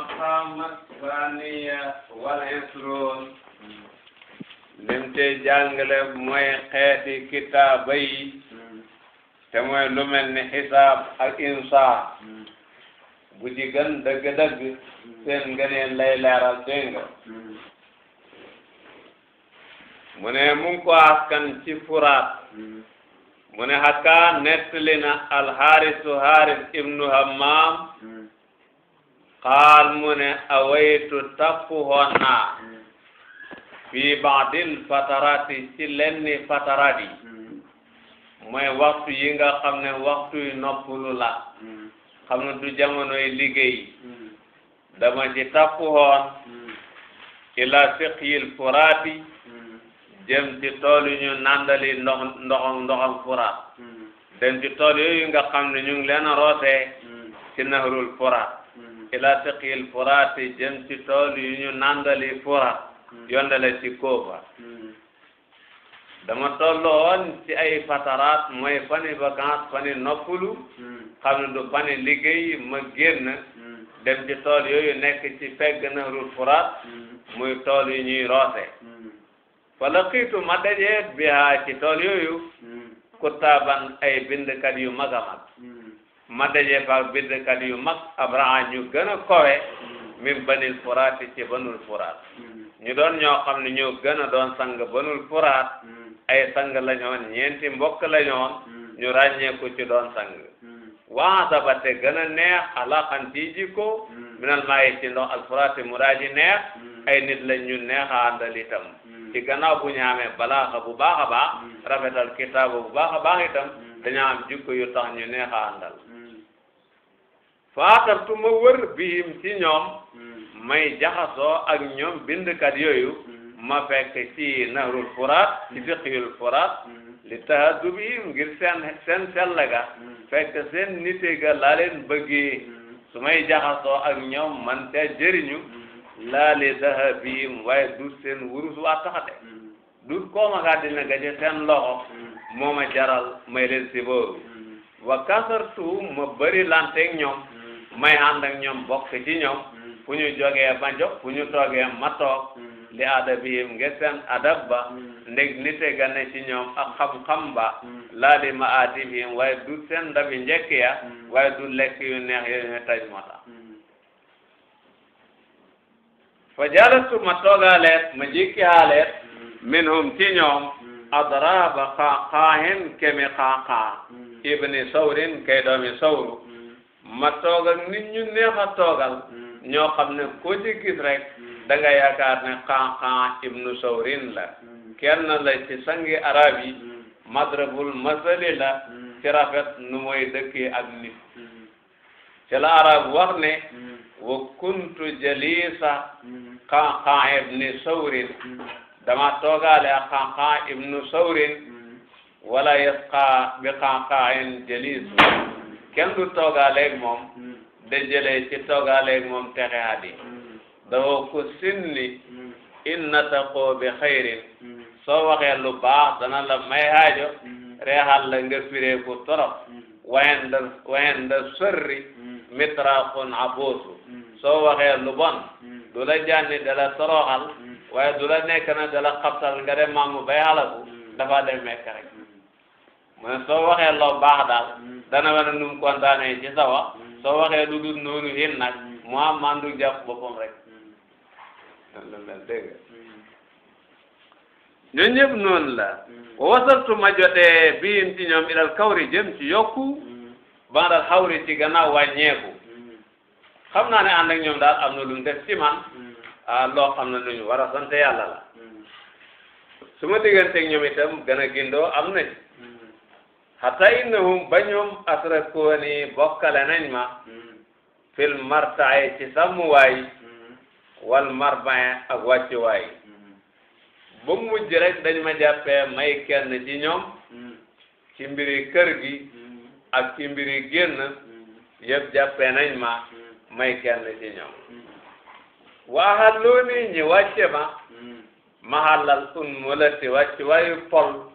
maqaam saaniya wal isruun lim te jàngale mooy xeeti kitaaba te mooy lu mel ni xisaab ak insaaf bu gën dëgg-dëgg seen ngëneen lay leeral dégg mu ne mu ngi ko askan ci furaat mu ne hakka nettali na alxaarisu xaaris ibnu hammaam qaal mu ne awaytu tappu woon naa fii baadil fatarati ci lenni fatarat yi mooy waxtu yi nga xam ne waxtu yi noppalu la xam ne du jamonoy liggéey dama ci tappu woon ila siqyil furaati jëm ci tool ñu nandali ndox ndoxam ndoxam furaat dem ci tool yooyu nga xam ne ñu ngi ci nahrul furaat ila taqil furaati jëm ci tool yu ñu nandali furaat hmm. yondale ci kooba hmm. dama tolloon ci ay fataraat mooy fani vacances fani noppalu hmm. xam ne du fani liggéey ma génn dem ci tool yooyu nekk ci pegg nahrul furaat muy tool yu ñuy roose fa laqiitu ma dajee bihaa ci tool yooyu kuttaaban ay bindkat yu mag ma daje faak bindkat yu mag abraa ñu gën a kowe min banil furaat ci banul furaat ñu doon ñoo xam ne ñu gën a doon sang banul furaat ay sang la ñoon ñeenti mbokk la ñoon ñu ràññeeku ci doon sang waasa ba te gën a neex alaxan ci jikko minal maayi ci ndox al furaati mu daa ji neex ay nit lañ ñu neex a àndal itam ci gannaaw bu ñu amee balaaxa bu baax a baax rafetal kitaaba bu baax a baax itam dañoo am jikko yu tax ñu neex faatartu ma wër bihim ci ñoom mm-hmm. may jaxasoo ak ñoom bindkat yooyu mm-hmm. ma fekk ci nahrul furaat ci mm-hmm. fiqiyul furaat li tahaddu bihim ngir seen seen sell ga fekk seen nite ga laa leen bëggee su may jaxasoo ak ñoom man ca jëriñu laa li dahabihim waaye dut seen wurus waa taxate dut kooma gaa dina gaje seen loxo moo ma jaral may leen si booru wa ma bëri lanteeg ñoom may ànd ak ñoom bokk ci ñoom mm. fu ñu jogee ma jog fu ñu toogee ma toog li mm. adabihim ngir seen adab ni mm. ndeg gane ci ñoom ak xam laa di ma aatihim waaye du seen ndabi njëkk ya waaye du lekk yu neex yooyu ñu taj moo tax fa jalastu ma toogaaleet ma jikki haaleet ci ñoom adraba xaaxaahin kemi xaaxaa ibni sawrin kay doomi sawru ma toog ak nit ñu neex a toogal mm. ñoo xam ne koo ci rek mm. da nga yaakaar ne xan-xan ibnu sawrin la mm. kenn la ci sangi arab yi madrabul masali la ci rafet nu mooy dëkkee ak nit ci la arab wax ne wa kuntu jalisa xan-xan ibnu sawrin dama toogaale ak xan-xan ibnu sawrin wala yasqa bi xan-xan jalisu kenn du toogaaleeg moom mm. dajale ci toogaaleeg moom texe hadi mm. dafa ku sinni mm. in nataqoo bi xayrin soo waxee lu baax dana la may haajo reexal la nga firee ku torop wayen da wayen da sorri soo waxee lu bon du la jànni dala toroxal waaye du la nekk na dala xabtal nga dem maamu bay dafa dem mekk rek soo waxee loo baax daal dana wane nu mu kontaanee ci sa wax mm. soo waxee lu dul noonu yéen nag mu mm. am mandu jàpp boppam rek mm. noonu la mel dégg nga ñun ñëpp noonu la wasartu ma jotee biin ci ñoom kawri ci yokku bandal xawri ci gannaaw wàññeeku xam naa ne ànd ak ñoom daal am na lu mu def ci man ah loo xam ne lu ñu war a sant yàlla la su ma digganteeg ñoom itam gën a am nañ hatta innahum ba ñoom asrakuni bokkale nañ ma fil martaay ci sàmmuwaay wal marbain ak wàccuwaay ba mujj rek dañ ma jàppee may kenn ci ñoom ci mbiri kër gi ak ci mbiri génn yëpp jàppee nañ ma may kenn ci ñoom waaxal loo ni ñi wàcce ma mahallal un mulati wàccuwaayu pol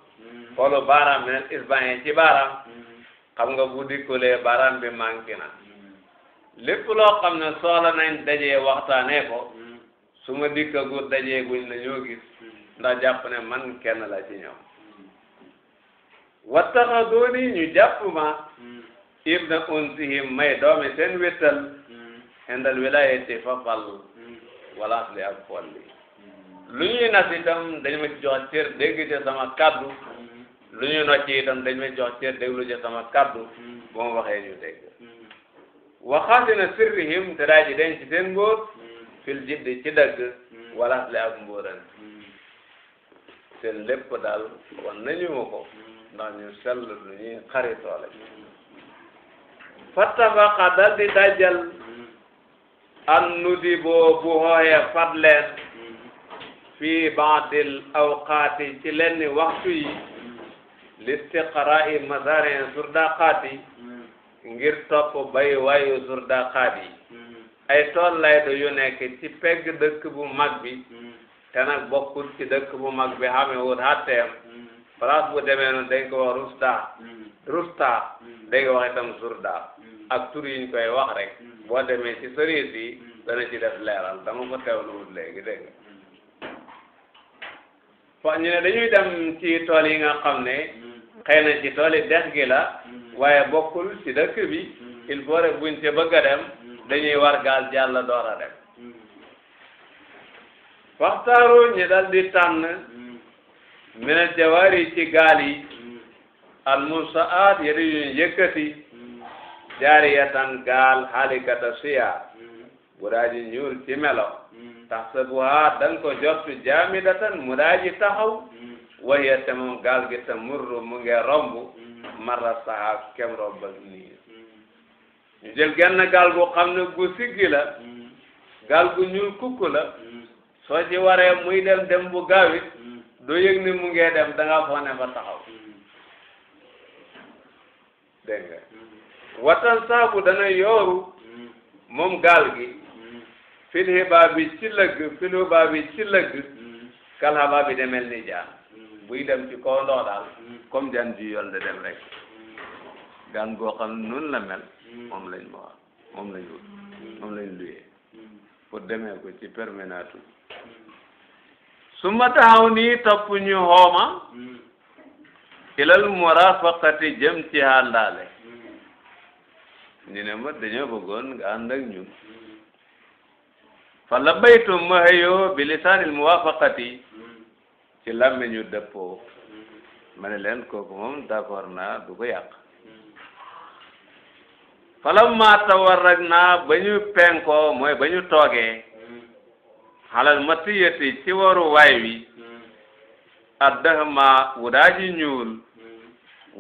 xoolu baaraam neen isbaan ci baaraam mm-hmm. xam nga bu dikkulee baaraam bi manqué na mm-hmm. lépp loo xam ne soxla nañ dajee waxtaanee ko mm-hmm. su ma dikkagut dajee guñ la ñoo gis ndax jàpp ne man kenn la ci ñoom wattaxadooni ñu jàpp ma ibna unsihim may doomi seen wéttal xendal wilayati fafal walaas li ak folli lu ñuy nas itam dañu ma ci jox cër dégg ci sama kaddu lu ñu nocc itam dañ jox cër déglu ci sama kàddu mm. bu waxee ñu dégg mm. waxaasina sirrihim te daa ji denc seen mbóor mm. fil jiddi ci dagg wala le ak mbóoran seen lépp daal wan nañu ma ko ndax ñu sell lu ñuy xaritoole fattafaqa dal di dajjal an nudi boo bu hooyee fatleen fii baadil awqaati ci lenn waxtu yi listiqra'i mazarin surdaqaati ngir topp bay wayu surdaqaati mm-hmm. ay tool lay do yu nekk ci pegg dëkk bu mag bi mm-hmm. te nag bokkul ci dëkk bu mag bi xame wut xatteem mm-hmm. place bu demee noonu dañ ko wax rusta rusta dañ wax itam surda ak tur yi ñu koy wax rek boo demee ci sëriñ yi dana def leeral dama ko teewlu wut léegi dégg nga ñu ne dañuy dem ci tool yi nga xam ne xëy na ci tooli dex gi la mm-hmm. waaye bokkul ci dëkk bi mm-hmm. il faut rek buñ te bëgg a mm-hmm. dañuy war gal jàll door a dem waxtaaru ñi dal di tànn mine jawaari ci gaal yi al musaat yëri yuñ yëkkati jaariyatan gaal xaalikata siyaa bu daaji ñuul ci melo tax sa bu haa danga ko jottu jaamidatan mu daaji wahiya te moom gaal gi te murru mu ngi romb mm-hmm. marra saxaab kem rombal nii mm-hmm. ñu jël genn gaal gu xam ne gu siggi la mm-hmm. gaal gu ñuul kukk la soo ci waree muy dem dem bu gaawit doo yëg ne mu dem da ngaa foog taxaw dégg nga watan saabu dana yooru moom gaal gi fil xibaa bi ci lëgg fil xibaa bi ci lëgg kal xabaa bi demel ni jaan buy dem ci kaw ndox comme jaan ji yoon de dem rek gaan goo nun la mel mm. moom lañ ma wax moom lañ wut mm. pour demee ko ci permenatu su ma taxaw nii topp ñu xooma mm. ilal murafaqati jëm ci àndaale ñu ne ma dañoo bëggoon nga ànd ak ñun fa la baytu ma xëyoo bi lisaanil muwafaqati ci làmmiñu dëppoo ma ne leen kooku moom d'accord naa du ko yàq falamma tawarrak naa ba ñu penkoo mooy ba ñu toogee xalal matiyati ci waru waay wi addahma wudaaji ñuul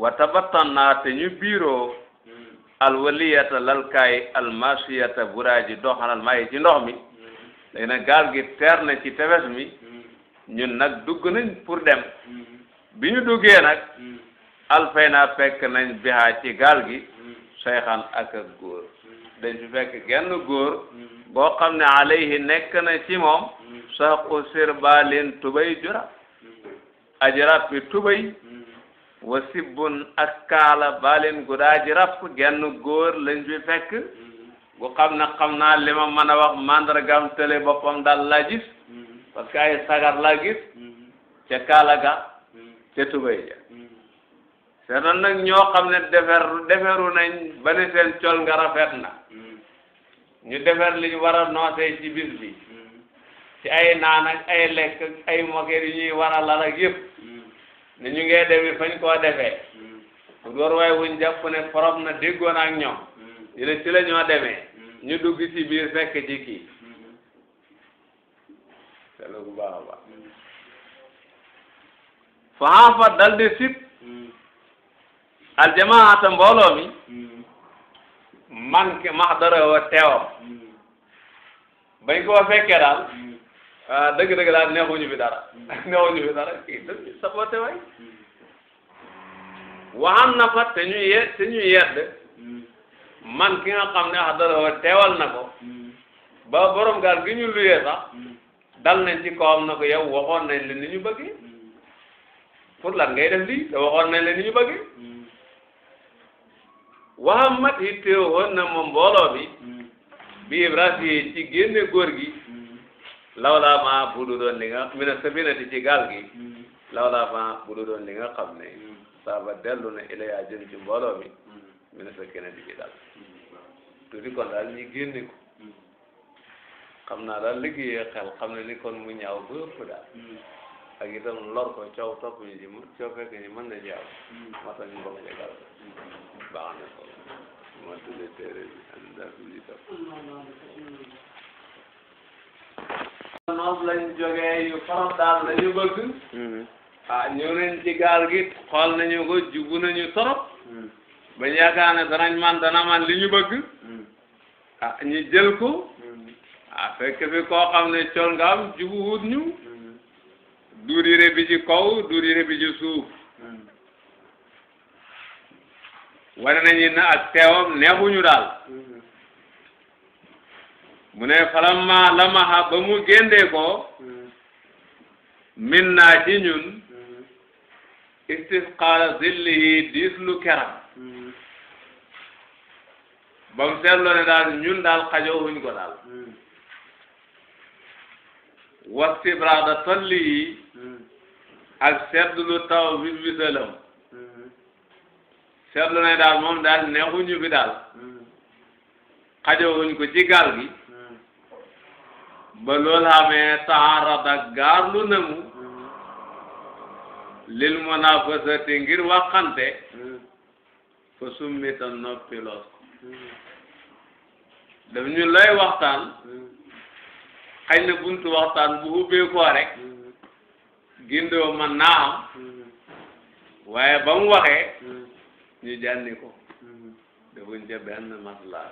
wa tabattan naa te ñu biiroo alwaliyata lalkaay almasiyata buraaji doxalal maayi ci ndox mi léegi nag gi teer ci tefes mi ñu nag dugg nañ pour dem mm-hmm. bi ñu duggee nag mm-hmm. alfay naa fekk nañ bihaa ci gaal gi seyxan mm-hmm. ak ak góor dañ fi fekk genn góor boo xam ne alayhi nekk na ci moom saqu sirbaalin tubay jurab aji ràpp tubay wa ak kaala baalin gudaa ji ràpp genn góor lañ fi fekk bu xam ne xam naa li ma mën a wax mandargam tële boppam daal laa gis parce que ay sagar laa gis ca kaala ga ca tubay ja seetoon nag ñoo xam ne defer deferu nañ ba ne seen col nga rafet na ñu defer li ñu war a ci bis bi ci ay naan ay lekk ak ay moket yu ñuy war a lal ak ne ñu ngee demi fañ koo defee pour war waay wuñ jàpp ne forom na déggoon ak ñoom ñu ci la ñoo demee ñu dugg ci biir fekk ci kii seetlu bu baax a baax faafa dal di sit hmm. aljamaata mbooloo mi hmm. man ki maxdara wa teewam hmm. bañ koo fekkee daal ah dëgg-dëgg daal dara neexuñu fi dara kii dëgg saboté waay na fa te ñu ye te ñu yedd man ki nga xam ne axdara wa teewal na ko ba borom gaal gi ñu luyee sax dal nañ ci na ko yow waxoon nañ la ni ñu bëggee pour lan ngay def lii te waxoon nañ la ni ñu bëggee waxam mat itteewoon na moom mbooloo bi bi ibrahima ci génne góor gi lawlaa ma bu du doon li nga mi na sabinati ci gaal gi lawlaa ma bu du li nga xam ne saaba dellu na ilaya jëm mi mi na sakkinati ci dal tuuti kon daal ñu génne ko xam naa daal liggéeyee xel xam ne li kon mu ñaaw bu ëpp daal hmm. ak lor ko coow topp ñu ci mën coow fekk ñu mën na ma hmm. tax ñu bokk ci hmm. ko ma tuddee téere bi and daal bi topp noonu lañ jógee yu faram daal lañu bëgg ah ñëw nañ ci gaal gi xool ne danañ man dana man li ñu bëgg ah ñu jël ko ah fekk fi koo xam ne col nga am jubu wut ñu duur yére bi ci kaw duur yére bi ci suuf wane nañu na ak teewam neexuñu daal mu ne falamma lamaha ba mu géndee ko min naa ñun istisqaala zillihi diis keram ba mu seetloo ne daal ñun daal xajoo wuñ ko daal wastibraada tolli yi hmm. ak seetlu taw bi bisalam hmm. seetlu ne daal moom daal neexuñu fi daal hmm. xajowuñ ko ci gaal gi ba loolu xamee taarada gaarlu na mu lil munafasati ngir waxante fa summi ta noppi lool daf ñu lay waxtaan xëy na buntu waxtaan bu ubbee ko rek gindoo man naa am waaye ba mu waxee ko defuñ ca benn maslaa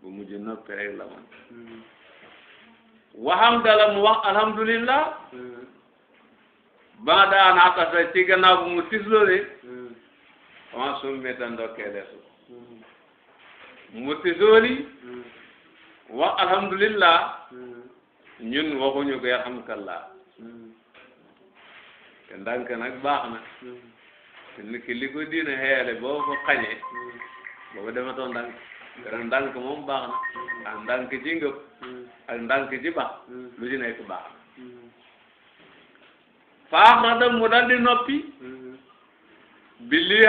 bu mujj noppi rek la man waxam dala wax alhamdulillah ba nga daan atasa ci gannaaw bu mu tislóore on summita ndokkee lesu wax alhamdulillah hmm. ñun waxuñu ko yarhamkallah hmm. te ndànk nag baax na hmm. te nit ki li ko bo xeyale boo ko xañee boobu dematoo ndànk kon ndànk moom baax na ak ndànk ci ngëp ak ndànk ci na faax na dem di noppi bi lii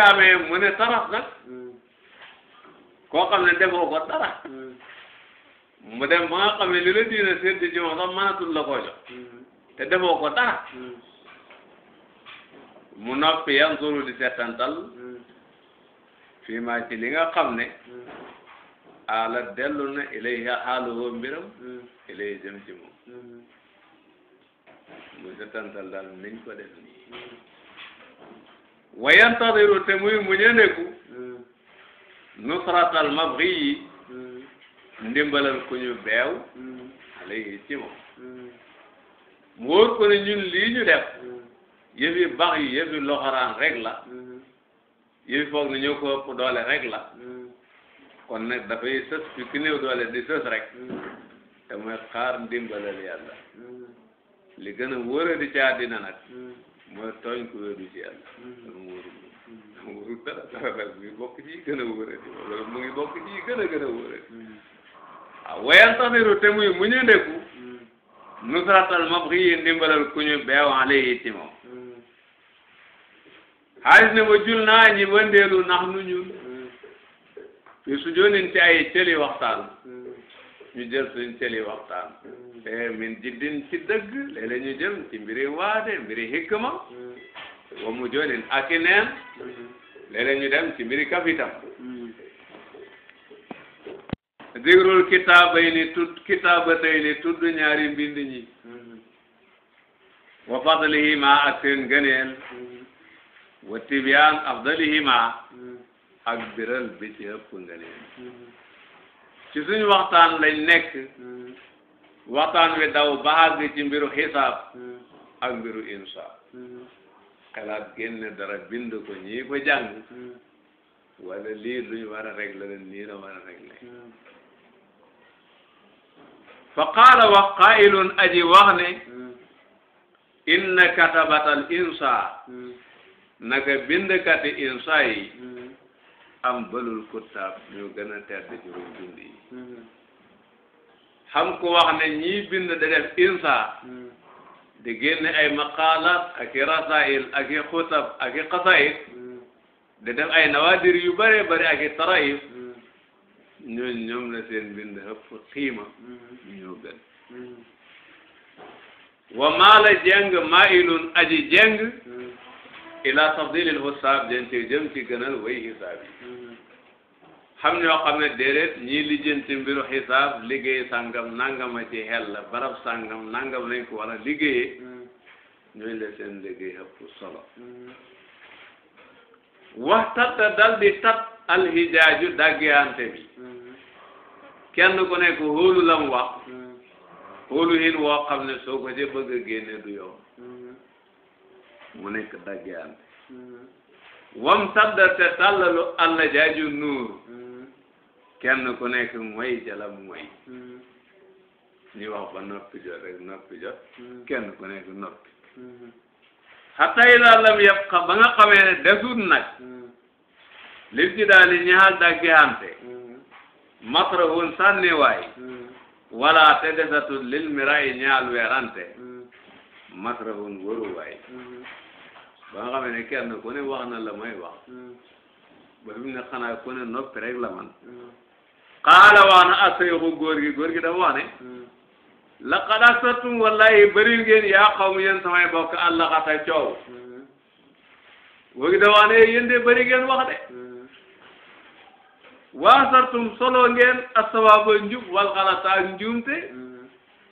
ne taraf nag koo xam ne defoo ko dara mu dem ba nga li la diine séddi ci moom sax mënatul la koo jox te defoo ko dara mu di seetantal fii maa ci li nga xam ne ala dellu na ilayhi xaaluhu mbiram ilayhi jëm ci mu seetantal daal niñ ko def nii wa yantadiru te muy muñeneku nusratal mabri ndimbalal ku ñu beew mm. alayhi ci moom mu wóor ko ne ñun lii ñu def mm. yëfi bax yi yëfi loxaraan rek la mm-hmm. yëfi foog ne ñoo ko ëpp doole rek la mm. kon nag dafay sës fi ki néew doole di sës rek te mooy xaar ndimbalal mm-hmm. li gën a wóora di ci àddina nag mooy tooñ ku wéedu ci yàlla dama mm-hmm. wóorul wóorul dara dara nag mu ngi bokk ci gën a di wala mu ngi bokk ci gën a gën a wóora di wayantadiru te muy mu ñu ndeku mm. nusratal mabghi ndimbalal ku ñu beew alayhi ci moom xaalis ne ba jul naa ñi ba ndeelu nax nu ñun fi su joonin ci ay cëli waxtaan mm. ñu jël suñ cëli waxtaan mm. te min jiddin ci dëgg léeg-léeg ñu jëm ci mbiri waade mbiri hikma wa mu joonin ak i neen léeg ñu dem ci mbiri kafitam zikrul kitaabay ni tudd kitaabatay ni tudd ñaari mbind ñi wa fadlihima ak seen gëneel wa tibyaan afdalihima ak biral bi ci ëpp ngëneel ci suñu waxtaan lañ nekk waxtaan wi daw ba àgg ci mbiru xisaab ak mbiru insaaf xalaat génne dara bind ko ñii ko jàng wala lii luñu war a régler la war a régler fa qaala wax qaa'ilun aji wax ne hmm. inna katabatal insa hmm. naka bindkati insa yi hmm. am balul kuttaab ñu gën a tedd juróom bind yi xam ku wax ne ñii bind da def insa di génne ay maqaalaat ak i rasail ak i xutab ak i xasaid di def ay nawaadir yu bare bare ak i tarayif ñooñu ñoom la seen bind ëpp xiima ñu mm-hmm. ñoo mm-hmm. wa maa jeng maa ilun aji jeng mm-hmm. ila tafdilil husaab jëm ci jëm ci gënal way xisaab yi ñoo xam ne déedéet ñii lijjanti mbiru xisaab liggéey sàngam nangama ci xel la barab sàngam nangam lañ ko war a liggéeyee la seen liggéey ëpp solo waxtat dal di tat al daggeante bi kenn ku nekk hóolu la mu wax hóolu hin woo xam ne soo ko ca bëgg a génne du yow mu nekk daggeante wam sadda te tàllalu alla jaaju ku nekk mooy jalam mooy ñu wax ba noppi jot rek ku nekk noppi xataa ila lam yabqa ba nga li ci daal di ñaxal dagg hante mm-hmm. masrahun sànniwaay mm-hmm. wala tegasatu lil miraay ñaal weerante mm-hmm. masrahun wóoruwaay ba nga xam ne kenn ku ne wax na la may wax ba fi mu ne xanaa ku ne noppi rek la man wax na asayxu góor gi góor gi wax ne laqad asattum wallahi bëri ngeen yaa xaw mu yéen samay bokk àllaxata coow góor gi dafa wax ne yéen wax de waasartum solo ngeen asawaaba njub wal xalataa njuumte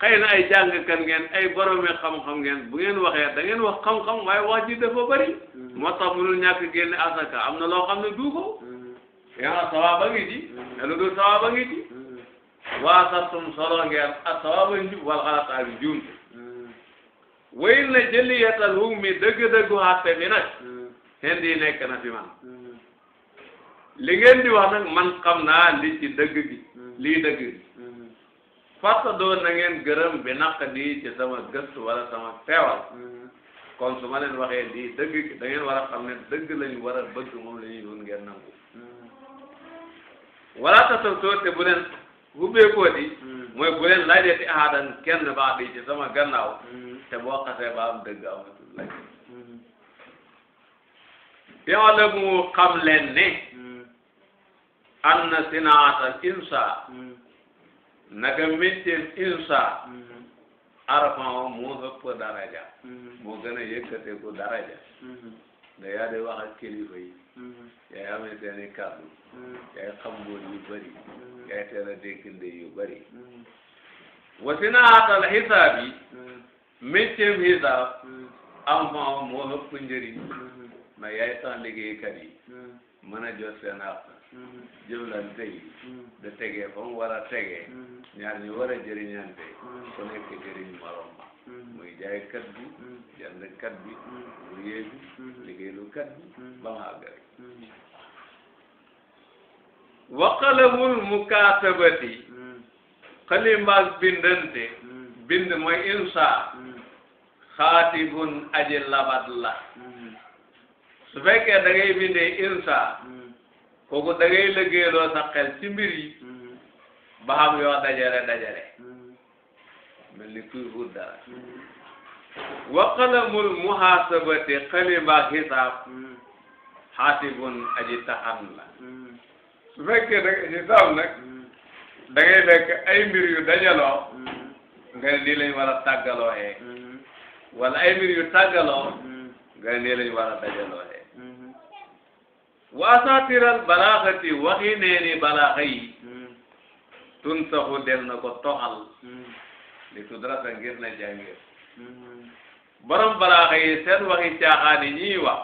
xëy na ay jàngkat ngeen ay boromi xam-xam ngeen bu ngeen waxee da ngeen wax xam-xam waaye wax ji dafa bëri moo tax mënul ñàkk asaka am na loo xam ne du ko yaa sawaaba ngi ji te lu dul sawaaba ngi ji solo ngeen asawaaba njub wal xalataa njuumte way na jëliyatal hukmi dëgg-dëggu xatte bi nag xen di nekk na fi man li ngeen di wax man xam naa li ci dëgg gi mm. lii dëgg gi fàtta mm-hmm. doon na ngeen gërëm bi naq di ci sama gëstu wala sama teewal mm-hmm. kon su ma leen waxee lii dëgg gi da ngeen war a xam dëgg lañu war a bëgg moom la ñuy wun ngeen nangu mm-hmm. wala tasal soote bu leen hubbeekoo di mooy bu leen laajee ci kenn baax di ci sama gannaaw te boo ba am dëgg amatul laaj yow la mu xam leen ne ann sinaatal insa hmm. naka métier insa hmm. arfan moo ëpp daraja hmm. moo gën a yëkkate ko daraja da yaa de wax ak kilifa yi yaay amee seeni kàddu yaay xam góor yu bëri yaay teel a dégginde yu bëri wa sinaatal xisaab yi métier xisaab arfan moo ëpp njëriñ mais yaay tax liggéeykat yi mën a jot seen àq jëflante te da tegee fa mu war a tegee ñaar ñu war a jëriñante ku nekk jëriñ morom ma jaay kat bi jënd kat bi buryee bi liggéeylu kat bi ba mu àgg rek waqalamul mukaatabati xalimaag bindante bind mooy insa xaatibun labat la su fekkee da ngay bindee insa kooku da ngay liggéeyloo sa xel ci mbir yi mm-hmm. ba xam yoo dajale dajale mm-hmm. mel ni kuy wut dara wa qalamul muhaasabati xalima xisaab mm-hmm. xaatibun aji taxan la su fekkee da xisaab nag da ay mbir yu dajaloo nga ne nii lañ war a tàggaloo wala ay mbir yu tàggaloo nga ne nii lañ war a waasatiral balaaxati waxi neeni balaaxa yi tun saxu del na ko toxal li tudrasa ngir na jàngir borom balaaxa yi seen waxi caaxaan yi ñuy wax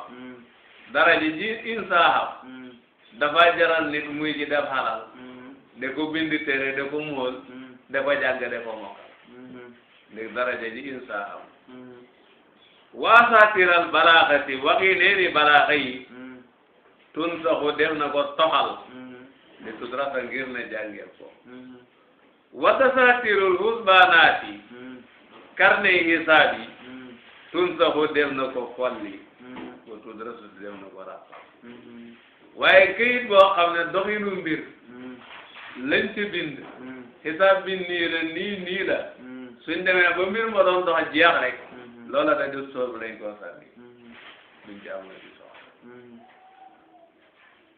dara ji ji insaaxam dafa jaral nit muy ji def xalal de ko bind téere de ko mool de ko jàng de ko mokkal ndig dara ji insaaxam waasatiral balaaxati waxi neeni balaaxa yi tun saxu dem na ko toxal li mm-hmm. tudrata ngir ne jàngee ko mm-hmm. wata saatirul husbaanaati mm-hmm. karne hisaab yi tun saxu dem na ko folli ko tudrata dem na ko ràppal waaye këyit boo xam ne doxinu mbir lañ ci bind hisaab bi nii la nii nii demee ba mbir ma doon dox rek loola da def soobu lañ koo sànni duñ ci am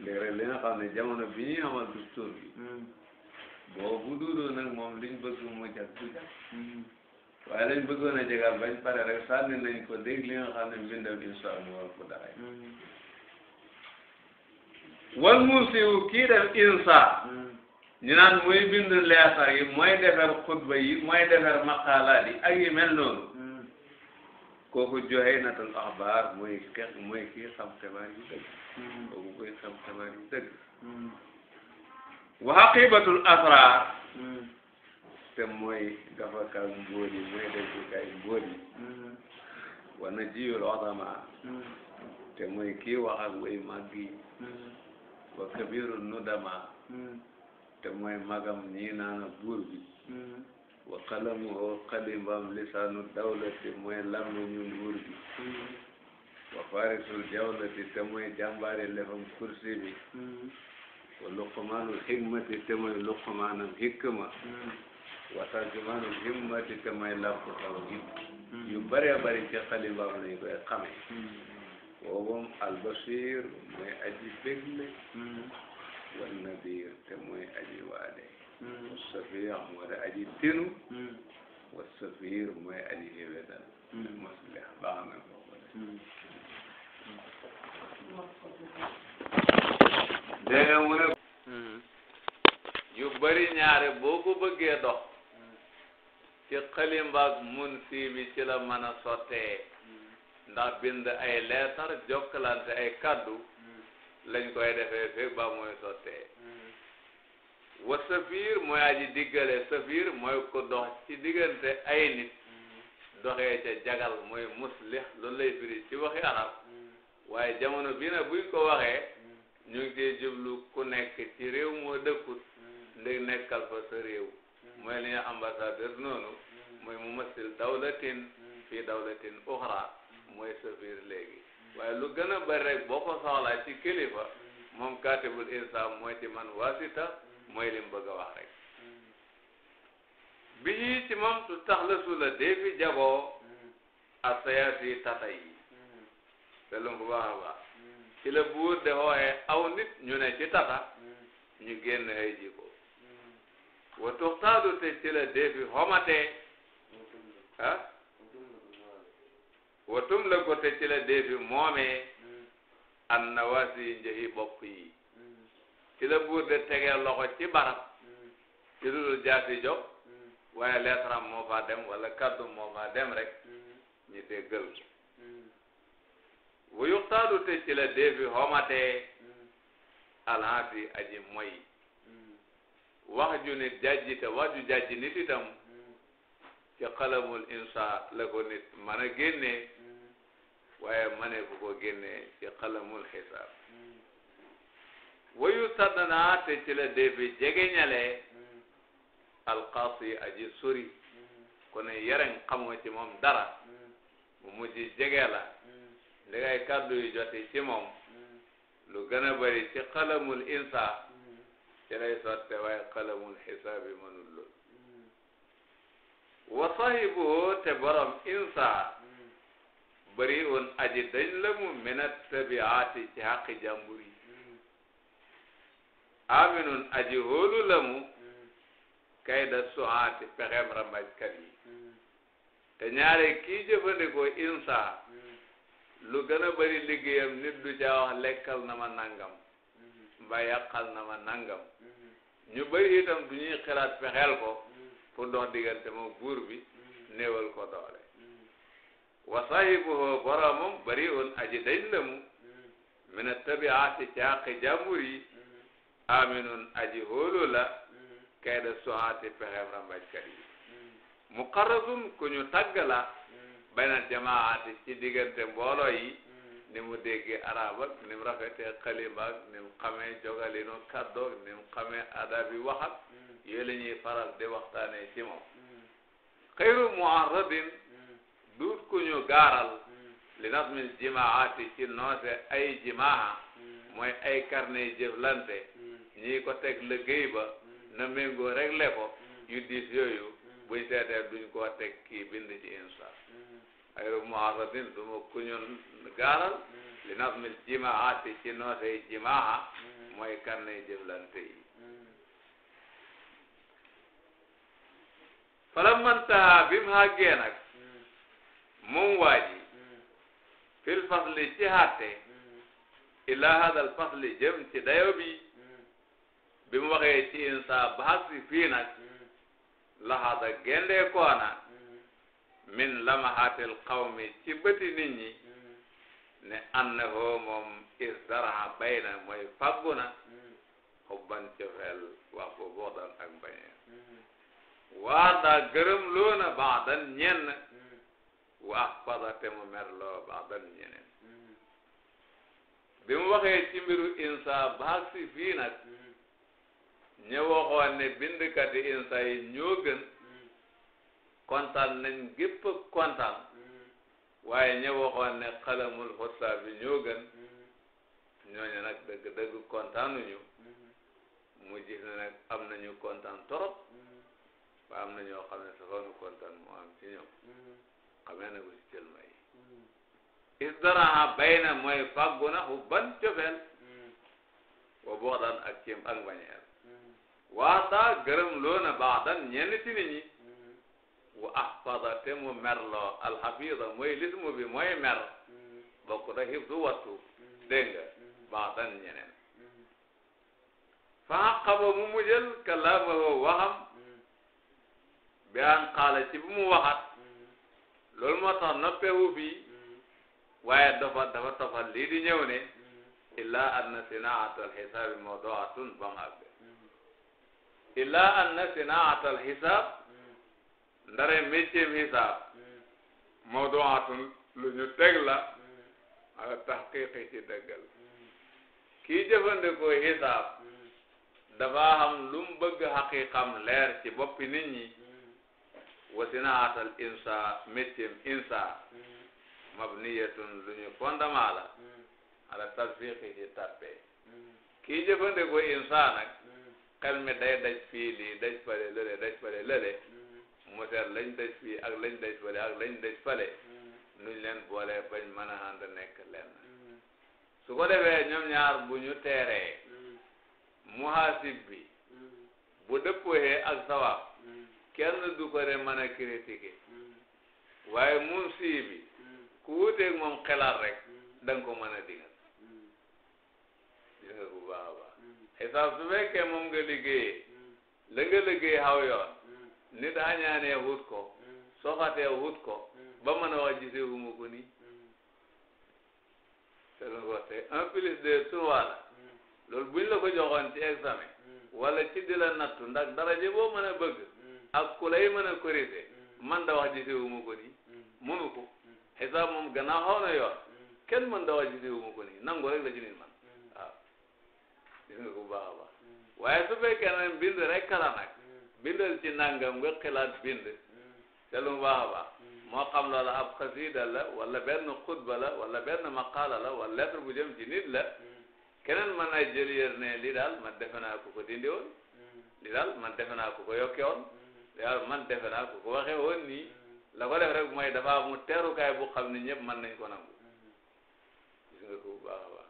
léegi rek li nga xam ne jamono bi ñuy amal dustoor bi boo bu duudoo nag moom liñ bëgg mu jag du jag waaye lañ bëggoon a jegal bañ pare rek sànni nañ ko dégg li nga xam ne mbindam incha allah mu war ko daray wal musiw kii def insa ñu naan mooy bind leesar yi mooy defar xutba yi mooy defar maqalaat yi ak mel noonu kooku joxe natal axbaar mooy kex mooy kii xam xibaar yi dëgg boobu koy xam-xamaan yi dëgg wa haqibatul asrar te mooy gafakaay mbóot yi mooy dëggukaay mbóot yi wa najiyul odama te mooy kii wax ak way màgg yi wa kabirul nudama te mooy magam ñii naan buur bi wa qalamuhu qalimbam lisaanu dawlati mooy làmmiñu nguur bi wa farisul jawlati te mooy jàmbaari lefam kursi bi mm-hmm. wa luqmaanul hikmati te mooy luqmaanam hikma mm-hmm. wa tarjumaanul himmati te mooy làkku tawhid mm-hmm. yu bëree bëri ci xalimaam lañ koy xamee woowam albasir mooy aji bégle wal nadir te mooy aji waade wa safir moo de aji tinu wa safir mooy aji héwédal maslex baax na ko dégg nga mu ne yu bari ñaare boo ko bëggee dox ci xalimbaag mun sii bi ci la mën a sottee ndax bind ay leetar jokkalante ay kaddu lañ koy defee fekk ba mooy sottee wa safiir mooy aji diggale safiir mooy ko dox ci diggante ay nit doxee ca jagal mooy muslix loolu lay firi ci waxi arab waaye jamono bi nag buñ ko waxee ñu ngi ciy jublu ku nekk ci réew moo dëkkut ndég nekkal fa sa réew mooy li ñu ambassadeur noonu mooy mu masil dawlatin fii dawlatin uxra mooy safir léegi waaye lu gën a bari rek boo ko soxlaa ci kilifa moom kaatibul insaam mooy ci man wasita mooy lim bëgg a wax rek bi ñuy ci moom su tax la su dee fi jagoo ak sayaasi tata yi seetlu nga bu baax a baax hmm. ci la buur aw nit ñu ne ci tata hmm. ñu génn ay jiko hmm. wa tuxtaadu te ci la deefi xomatee ah wa tum la ko te ci la deefi moomee an nawaasi njëhi bopp yi ci bu buur de tegee loxo ci barab ci lu dul jaasi jóg waaye leetaram dem wala kaddu moo dem rek ñu déggal bu yuxtaadu te hmm. hmm. hmm. ci la dee bi xomatee alhansi aji moy wax ju nit jàjji te wax ju jàjji nit itam ci xalamul insa la ko nit mën a génnee waaye mane bu ko génnee ci xalamul xisaab wayu saddana te ci la dee jege ñale alqaasi aji sori ku ne yaren xamoo ci moom dara mu mujj jege la li ngay kàddu yu joti ci moom lu gën a bëri ci xalamul insaaf ci lay sotte waaye xalamul xisaabi mënul lool wa sahibuhu te borom insaaf bëri woon aji dañ la mu minat tabiaati ci xaqi jàmbur aminun aji hóolu la mu kay da suhaati pexeem rambajkat yi te ñaare kii jëfandikoo insaaf lu gën a bari liggéeyam nit du ca lekkal na ma nangam mbaa na ma nangam ñu bari itam du ñuy xalaat pexeel ko pour dox diggante ma buur bi néewal ko doole wa saahibuhu boromam bari un aji dañ la mu min attabiaati caaqi jàmbur yi aminun aji hóolu la kayda suhaati pexeem rambajkat yi muqarrabun ku ñu tàgg la bayna jamaati ci diggante mbooloo yi mm-hmm. ni mu déggee arab ak ni mu rafetee xalima ak ni mu xamee jogalinu kaddu ni mu xamee adabi wax mm-hmm. yooyu la faral di waxtaanee ci moom mm-hmm. xayru muarradin duut ku ñu gaaral li nazmil jimaati ci noose ay jimaa mooy ay carnet jëflante ñii ko teg liggéey ba na méngoo réglé ko yu diis yooyu buñ seetee duñ koo teg kii bind ci insaaf xayru muharradin du ma ku ñun gaaral mm-hmm. li nazmil jimaa ci ci nootey jimaa mm-hmm. mooy kan nay jëflante yi mm-hmm. fala mantaha bi mu àggee nag moom waa ji fil fasli ci xàtte ila hadal fasli jëm ci dayo bi bi mu waxee ci insa baasi fii nag laxada gendee koona min lamahatil qawmi ci bëti nit ñi ne annahu moom isdara bayna mooy faggu na xubban cofeel wax bu buxdan ak mbañeel waa daa gërëm loona baadan ñenn wax fada te mu merloo baadan ñeneen bi mu waxee ci mbiru insa baag si fii nag ñë waxoon ne bindkat yi insa yi ñoo gën kontaan nañ gépp kontaan mm. waaye ña waxoon ne xalamul xutta bi ñoo gën mm. ñooñu nag dëgg dëgg kontaanuñu mm-hmm. mu gis ne am nañu kontaan torop ba mm-hmm. am na ñoo xam ne safaanu mu am ci ñoom mm-hmm. xamee na ko ci cël may isdaraha bay na mooy fàggu na xubban cofeel wa boo daan ak cim ak waa taa gërëm loo na baax daan ñenn ci ñi wa ahfada te mu merloo alxafida mooy lismu bi mooy mer mm-hmm. bokkut ak hifdu wattu mm-hmm. dégg nga mm-hmm. baadan ñeneen fa xaqaba mu mujjal kalaamahu waxam bi an xaala ci bu mu waxat loolu moo tax noppewu bi waaye dafa dafa tofal lii di ñëw ne illaa anna sinaata alxisaabi mawduatun ba mu àgg illaa anna sinaata alxisaab ndare métier mi hisaab mawduatun mm. lu ñu teg la mm. ala tahqiqi ci dëggal mm. kii jëfandikoo hisaab dafa xam lu mu bëgg xaqiqam leer ci boppi nit ñi wasinaatal insa métier insa mabniyatun lu ñu fondement la ala tasfiqi ci tappe kii jëfandikoo insa nag xel mi day daj fii lii daj fale lële daj fale lële mu seet lañ daj fii ak lañ daj fale ak lañ daj fale mm-hmm. nuñ leen boole bañ mën a ànd nekk lenn mm-hmm. su ko defee ñoom ñaar bu ñu teeree mm-hmm. muhaasib bi bu dëppoohee ak sawaab kenn du ko re mën a critiqué waaye moom sii bi ku wuuteeg moom xelaat rek da nga ko mën a digal dinga ko baax a baax xisaab su fekkee moom nga liggéeyee la nga liggéey xaw yoon nit daa ñaanee wut ko mm. soxatee wut ko mm. ba mën a wax gisee wu ma mm. ko nii te loolu wax tey un plus deux trois loolu buñ la ko joxoon examen wala ci di la nattu ndax daraje boo a bëgg ak ku lay mën a corriger man da wax gisee wu ma ko nii mënu kenn mën da wax nangu rek la ci nit man waaw gis nga ko bu baax a baax waaye su rek kala bindal ci nangam nga xilaat bind te lu mu baax moo xam loola ab xasida la wala benn xutba la wala benn maqaala la wala lettre bu jëm ci nit la keneen mën naa jël yér ne li daal ma defe naa ko ko dindi woon li daal man defe naa ko yokke woon li daal man defe naa ko ko waxee woon nii la ko def rek mooy dafa am mu teerukaay bu xam ne ñëpp mën nañ ko bu baax a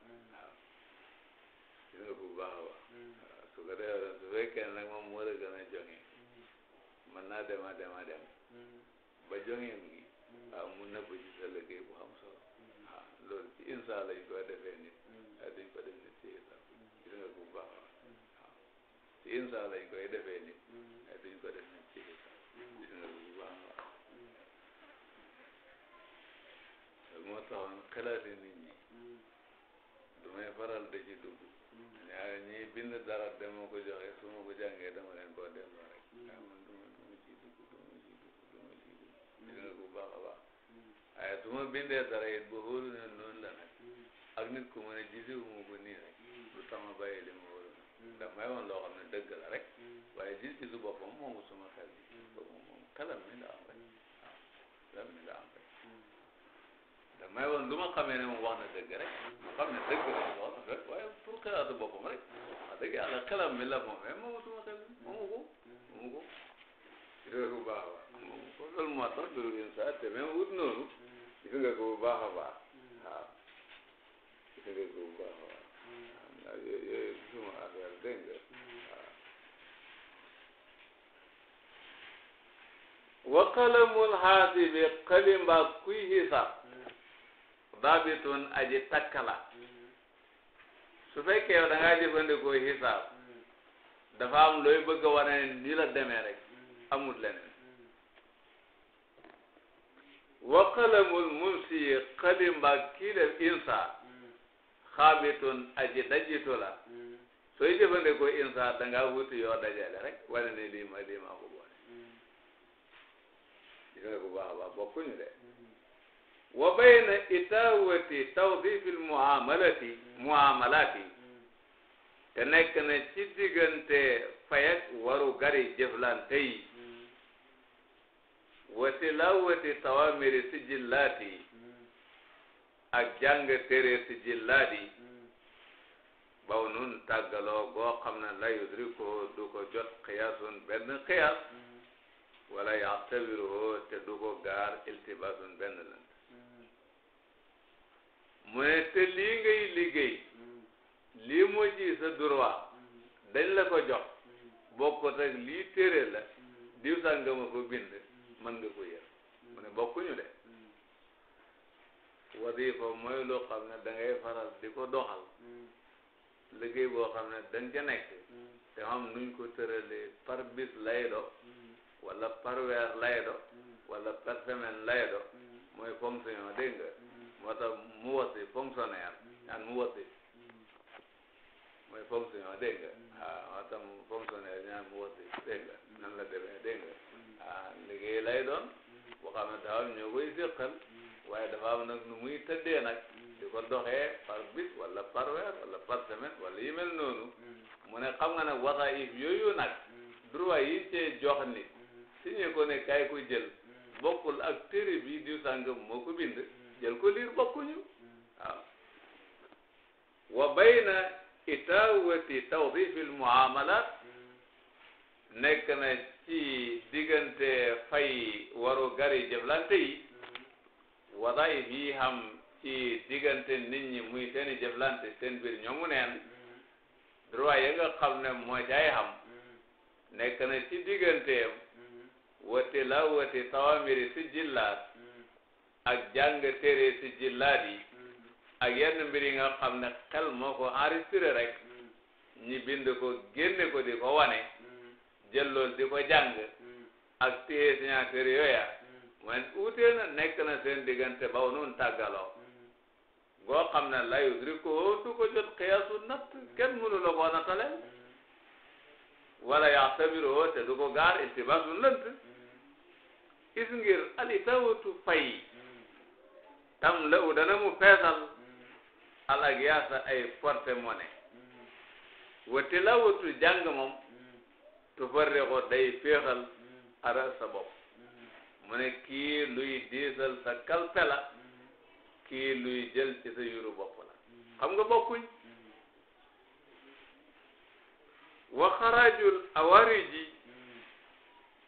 ko bu baax a baax waaw su ko defee su fekkee moo la gën a mën naa dem a dem a dem mm-hmm. ba joŋeen gi waaw mu nëbb ci bu xam solo waaw mm-hmm. ah, ci insa lañ ko defee mm-hmm. ah, ko def nit ci insa gis nga bu baax waaw ah, ci insa lañ koy defee nit waaye duñ ko def nit ci insa gis nga bu baax waaw moo taxoon xelaati nit ñi du may faral da ci dugg ñaare ñiy bind dara dama ko joxe su ma ko jàngee dama leen koo delloo rek bind bu baax a baax waaye su ma bindee dara it ba wóoru ne noonu la nag ak a gisi wu ma ko nii rek lu tax ma bàyyi li ma wóoru ne ndax may woon loo xam ne dëgg la rek waaye gis gisu boppam moomu suma xel bi moom moom kalam mi la am rek waaw mi la am rek ndax may lu ma xamee ne moom wax na dëgg rek ma xam ne dëgg la wax na rek waaye pour xalaatu boppam rek wax dëgg yàlla kalam mi la moom mais moomu suma xel bi moomu ko moomu ko réeru baax a baax kon loolu moo tax du ruuj saa te même wut noonu. gis nga ko bu baax a baax. waaw gis nga ko bu baax a baax. xam naa yooyu suma affaire dégg nga wa qalamul xaasibi xalimba kuy xisaab daabitun aji takkala su fekkee yow da ngaa jëfandikoo xisaab dafa am looy bëgg a wane ni la demee rek amul leneen wa qalamul mumsi qalim ba kii def insa xaabitun aji dajitu la sooy jëfandikoo insa da ngaa wuti yoo dajale wane ne lii ma lii maa ko boole jëfandikoo bu baax a baax bokkuñu de wa bayna itaawati tawdifil muamalati muamalati te nekk na ci diggante fayag waru gari jëflante watilawati tawamiri sijillaati hmm. ak jàng téere sijillaati hmm. baw nun tàggaloo goo xam ne la yudriko du ko jot xiyaasun benn xiyaas hmm. wala yaxtawiruhoo te du ko gaar iltibaasun benn lënt mu ne te lii ngay liggéey lii moo ji sa droit dañ la ko jox bokkut ak lii téere la diw sàngama ko bind mën nga ko yër mm. mu ne bokkuñu de mm. wadifa mooy loo xam ne da ngay faral di ko doxal mm. liggéey boo xam ne dañ ca nekk te xam nuñ ko tëralee par bis lay do wala par weer lay do wala par semaine lay do mooy fonctionnaire dégg nga moo tax mu wasi fonctionnaire ñaan mu wasi mooy fonctionnaire dégg nga waaw ah, moo tax mu fonctionnaire ñaan mu wasi dégg nga nan la demee dégg ah liggéey lay doon boo xam ne daawam ñoo koy waaye dafa am nag nu muy tëddee di ko doxee par bis wala par weer wala par semaine wala yi mel noonu mu ne xam nga nag wasaayif yooyu nag droit yi cee jox ko ne kaay bokkul ak téere bi diw sàngam moo ko bind jël ko liir bokkuñu waaw wa bayna itaawati tawdifi l muamalat nekk na ci diggante fay waru gari yi mm-hmm. wadaay bi xam ci diggante nit ñi muy seeni jëflante seen biir ñoomu neen mm-hmm. droit ya nga xam ne moo jaay xam mm-hmm. nekk ci digganteem wati la wati tawamiri si ak jàng téere si yi ak yenn mbir yi nga xam ne xel moo ko enregistré rek ñi bind ko génne ko di ko wane jël loolu di ko jàng hmm. ak téye signature yooya hmm. mooy uutee na nekk na seen diggante baw nun tàggaloo hmm. ngoo xam ne la yudrikuhu du ko jot xiyaasu natt kenn mënu la koo nattale wala yaxtamiruhu te du ko gaar iltibaasu lënt is ngir alitawatu fay tam la u dana mu feesal alak yaasa ay porte monnaie wa tilawatu jàng moom tufarriqu day féexal ara sa bopp mm-hmm. mu kii luy diisal sa kalpe la mm-hmm. kii luy jël ci sa yuru bopp la mm-hmm. xam nga bokkuñ wa xarajul awariji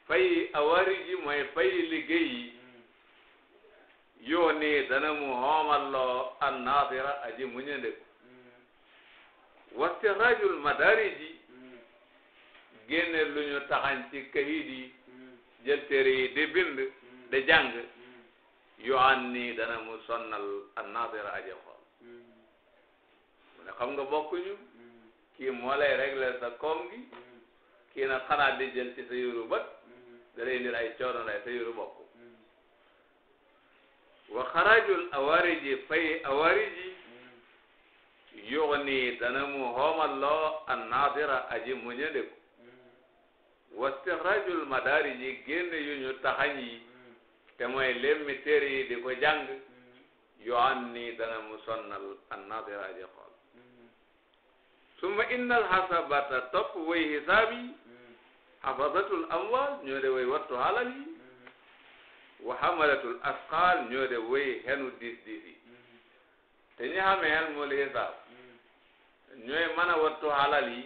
fay awariji mooy fay liggéey yoo nii dana mu xoomalloo an naasira aji muñandeku wa sirajul madariji génne lu ñu taxañ ci kayit yi hmm. jël téere yi di bind hmm. di jàng hmm. yu an dana mu sonnal annaadira aje xool mu ne xam nga bokkuñu kii moo lay régler sa koom gi kii nag xanaa di jël ci sa yuru bët da lay indil ay coono lay sa yuru bokk wa awariji fay awariji yuxni dana mu xoomal loo annaadira aji muñandeku wastixraajul madaari yi génn yu ñu taxañ yi te mooy lemmi téere di ko jàng yoo an nii mu sonnal an naadira aji xool summa innal xasabata topp way xisaab yi xafadatul amwaal ñoo de way wattu xalal yi wa xamalatul asqaal ñoo de way xenu diis diis yi te ñi xamee xel mool xisaab ñooy mën wattu xalal yi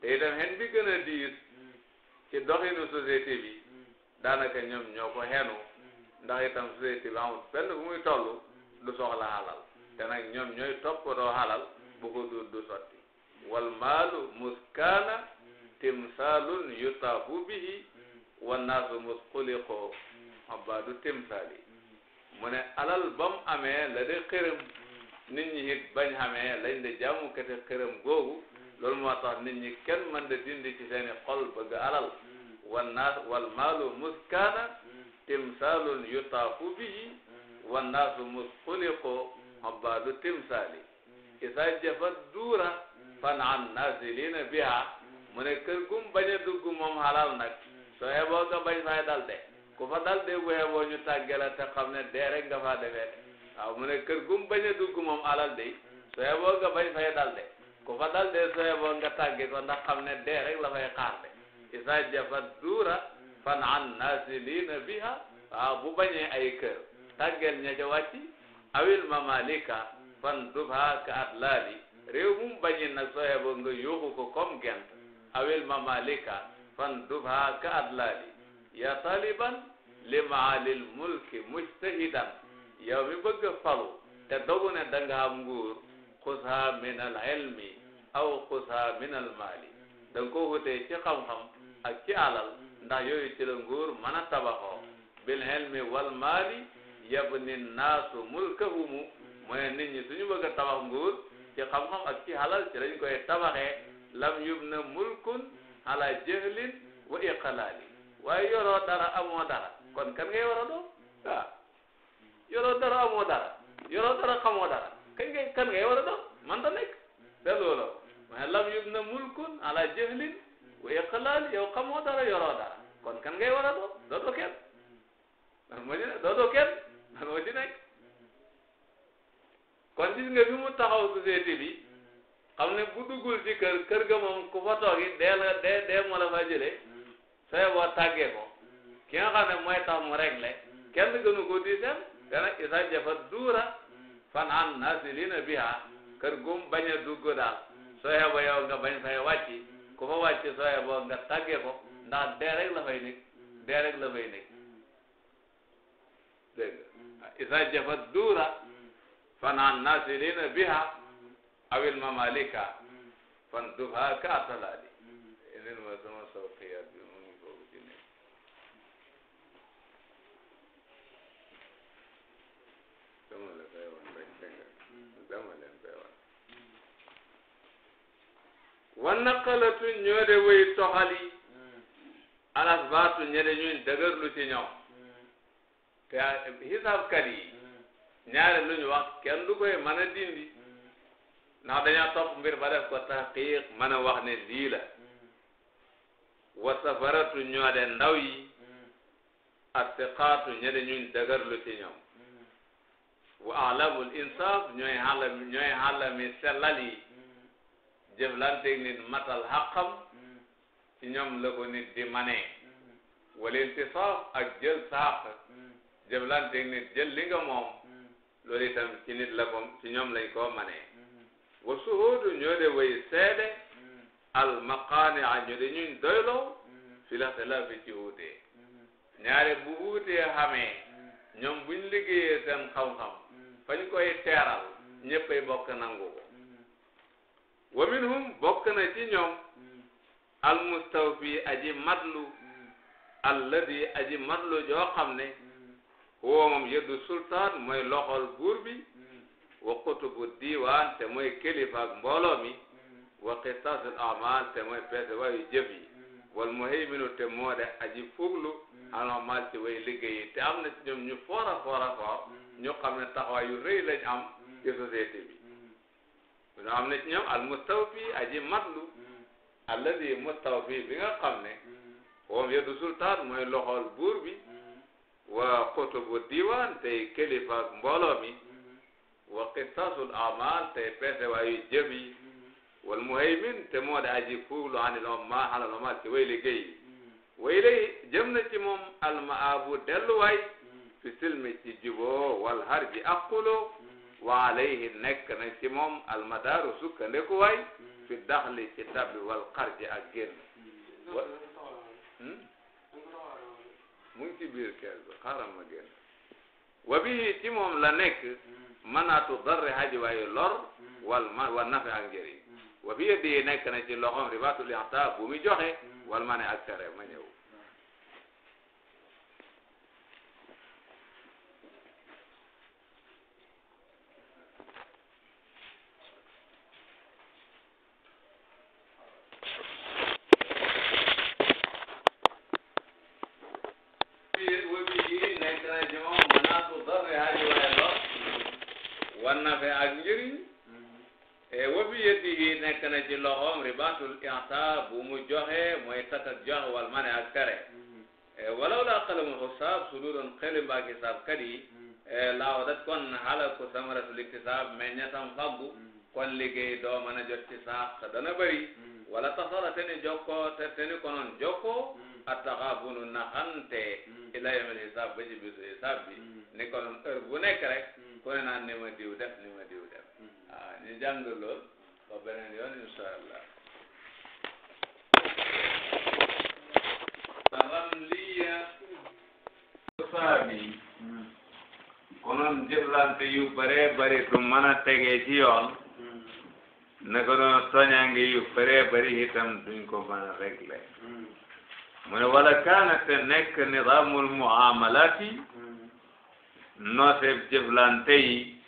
te itam xen bi gën a diis ci doxinu société bi mm. daanaka ñoom ñoo ko xenu mm. ndax itam société bi amul benn bu muy toll mm. du soxla halal te nag ñoom ñooy toppatoo halal bu ko duut du sotti wal maalu muskaana timsaalun yutaafu bihi wannaasu musquliqoo abbaadu timsaali mu ne alal ba amee la de xërëm nit ñi it bañ xamee lañ de jàmmukate xërëm googu loolu moo tax nit ñi kenn mën da dindi ci seeni xol bëgg alal mm. wannaas wal maalu muskaana mm. timsaalun yutaafu bihi mm. wannaasu musxuliqu xabaalu timsaali isaa jafat duura fan an naazilina biha mu ne kër gum bañ a dugg moom halal nag soo xeboo nga fay dal de ku fa dal de bu xeboo ñu tàgge la te xam ne dee rek nga faa defee waaw mu ne kër gum bañ a moom alal de soo xeboo nga fay dal de ku fa dal dee sooy nga tàggi ko ndax xam ne dee rek la fay xaar de mm-hmm. isa jafat duura mm-hmm. fan an biha mm-hmm. waaw bu bañee ay kër tàggeel ña ca wàcci awil mamalika fan dubha ka atlali réew mu mu nag sooy boo nga yuuxu ko comme gent awil mamalika fan dubha ka atlali ya taliban li maalil mulki mujtahidan yow mi bëgg falu te dogu ne danga am nguur xusha min al ilmi aw xusa min al maali mm. da nga ko wutee ci xam-xam mm. ak ci alal mm. ndax yooyu ci la nguur mën a tabaxoo bil helmi wal maali yabni naasu mulkahumu mooy nit ñi suñu bëgg a tabax nguur ci xam-xam ak ci alal ci lañ koy tabaxee lam yubna mulkun ala jahlin wa iqlaali waaye yoroo dara amoo dara kon kan ngay war a doon waaw ah. yoroo dara amoo dara yoroo dara xamoo dara kan ngay kan ngay war a doon man ta nekk te loolu waaye lam yub na mulkun ala jahlin wa iqlal yow xamoo dara yoroo dara kon kan ngay war a doon dootoo kenn lan moo ci nekk kon gis nga mu taxaw société bi xam ne bu duggul ci kër kër ga moom ku fa toog it la dee dee moo la fa jëlee sooy boo tàggee ko ki nga xam ne mooy tax mu réglé kenn gënu ko di seen dana isa jafa duura fan an nasilina biha kër gum bañ a dugg daal soo yeboo yow nga bañ ku fa wàcci soo yeboo nga tàggee ko ndax dee la fay nekk la fay isa jafat duura fanaan nasirina biha awil mamalika fan duha ka atalali wan naqalatu ñoo de wéy yi alas baatu ñene ñuy dëgër lu ci ñoom te xisaabkat yi ñaare lu ñu wax kenn du koy mën a dindi ndax dañoo topp mbir ba def ko taqiq mën wax ne lii la wa safaratu ñoo de ndaw yi astiqaatu ñene ñuy dëgër lu ci ñoom wa alamul insaf ñooy xàllam ñooy xàllami sellal jëflanteeg nit matal xaqam mm. ci ñoom la ko nit di manee mm. wala intisaaf ak jël saaq mm. jëflanteeg nit jël li moom loolu ci nit la ko ci ñoom lañ ko manee mm-hmm. wa suhuudu ñoo de way seede mm-hmm. al maqaani a ñu de ñuñ doyloo mm-hmm. fi la xilaafi ci wuutee ñaare bu wuutee xamee ñoom buñ liggéeyee seen xam-xam fañ koy teeral ñëppay bokk nangu wa minhum bokk na ci ñoom mm. almustawfi aji matlu mm. alladi aji matlu joo xam ne mm. huwa moom yeddu sultaan mooy loxol buur bi wa kutubu diiwaan te mooy kilifa ak mbooloo mi wa qisaasul amal te mooy peese waayu jëf yi wal muhayminu te moo de aji fuglu alamal ci way liggéey te am na ci ñoom ñu foora foora foor ñu xam ne taxawaay yu rëy lañ am ci société bi ñoo am na ci ñoom al mustawfi aji matlu mm. alladi mustawfi bi nga xam ne mm. moom yadu sultaan mooy loxol buur bi mm. wa kutubu diiwaan tey kilifa ak mbooloo mi wa qisaasul amal tey peese waayu jëf wal muhaymin te moo aji fuuglu ani loom maa xala ci way liggéey yi way na ci moom almaabu delluwaay fi silmi ci juboo wal harji ak wa alayhi nekk na ci moom almadaaru sukkandeku waay fi daxli ci tabbi wal xarji ak génn mu ngi kees bi xaaral ma génn wa bihi ci moom la nekk manaatu darri haji waaye lor wal ma wal wa bi yeddi nekk na ci loxoom ribaatu lixta bu mi joxe wal ma ne ak tere ma ak xisaabkat yi laaw dat kon xalaku samaratul iktisaab meññatam faggu kon liggéey doo mën a jot ci saax dana bëri wala tasara te ni jokkoo te te ni konoon jokkoo attaxaabunu naxante ila yawmil xisaab ba ci bisu xisaab bi ni konoon heure bu nekk rek ku ne naan ni ma diw def ni ma diw def waaw ñu jàng lool ba beneen yoon insha allah aram liya saabi konoon jëflante yu bare bari du mën a tegee ci yoon naka noonu soñaange yu bare bari itam duñ ko mën a mu ne wala kaana te nekk nidaamul muamalaati nooteeb jëflante yi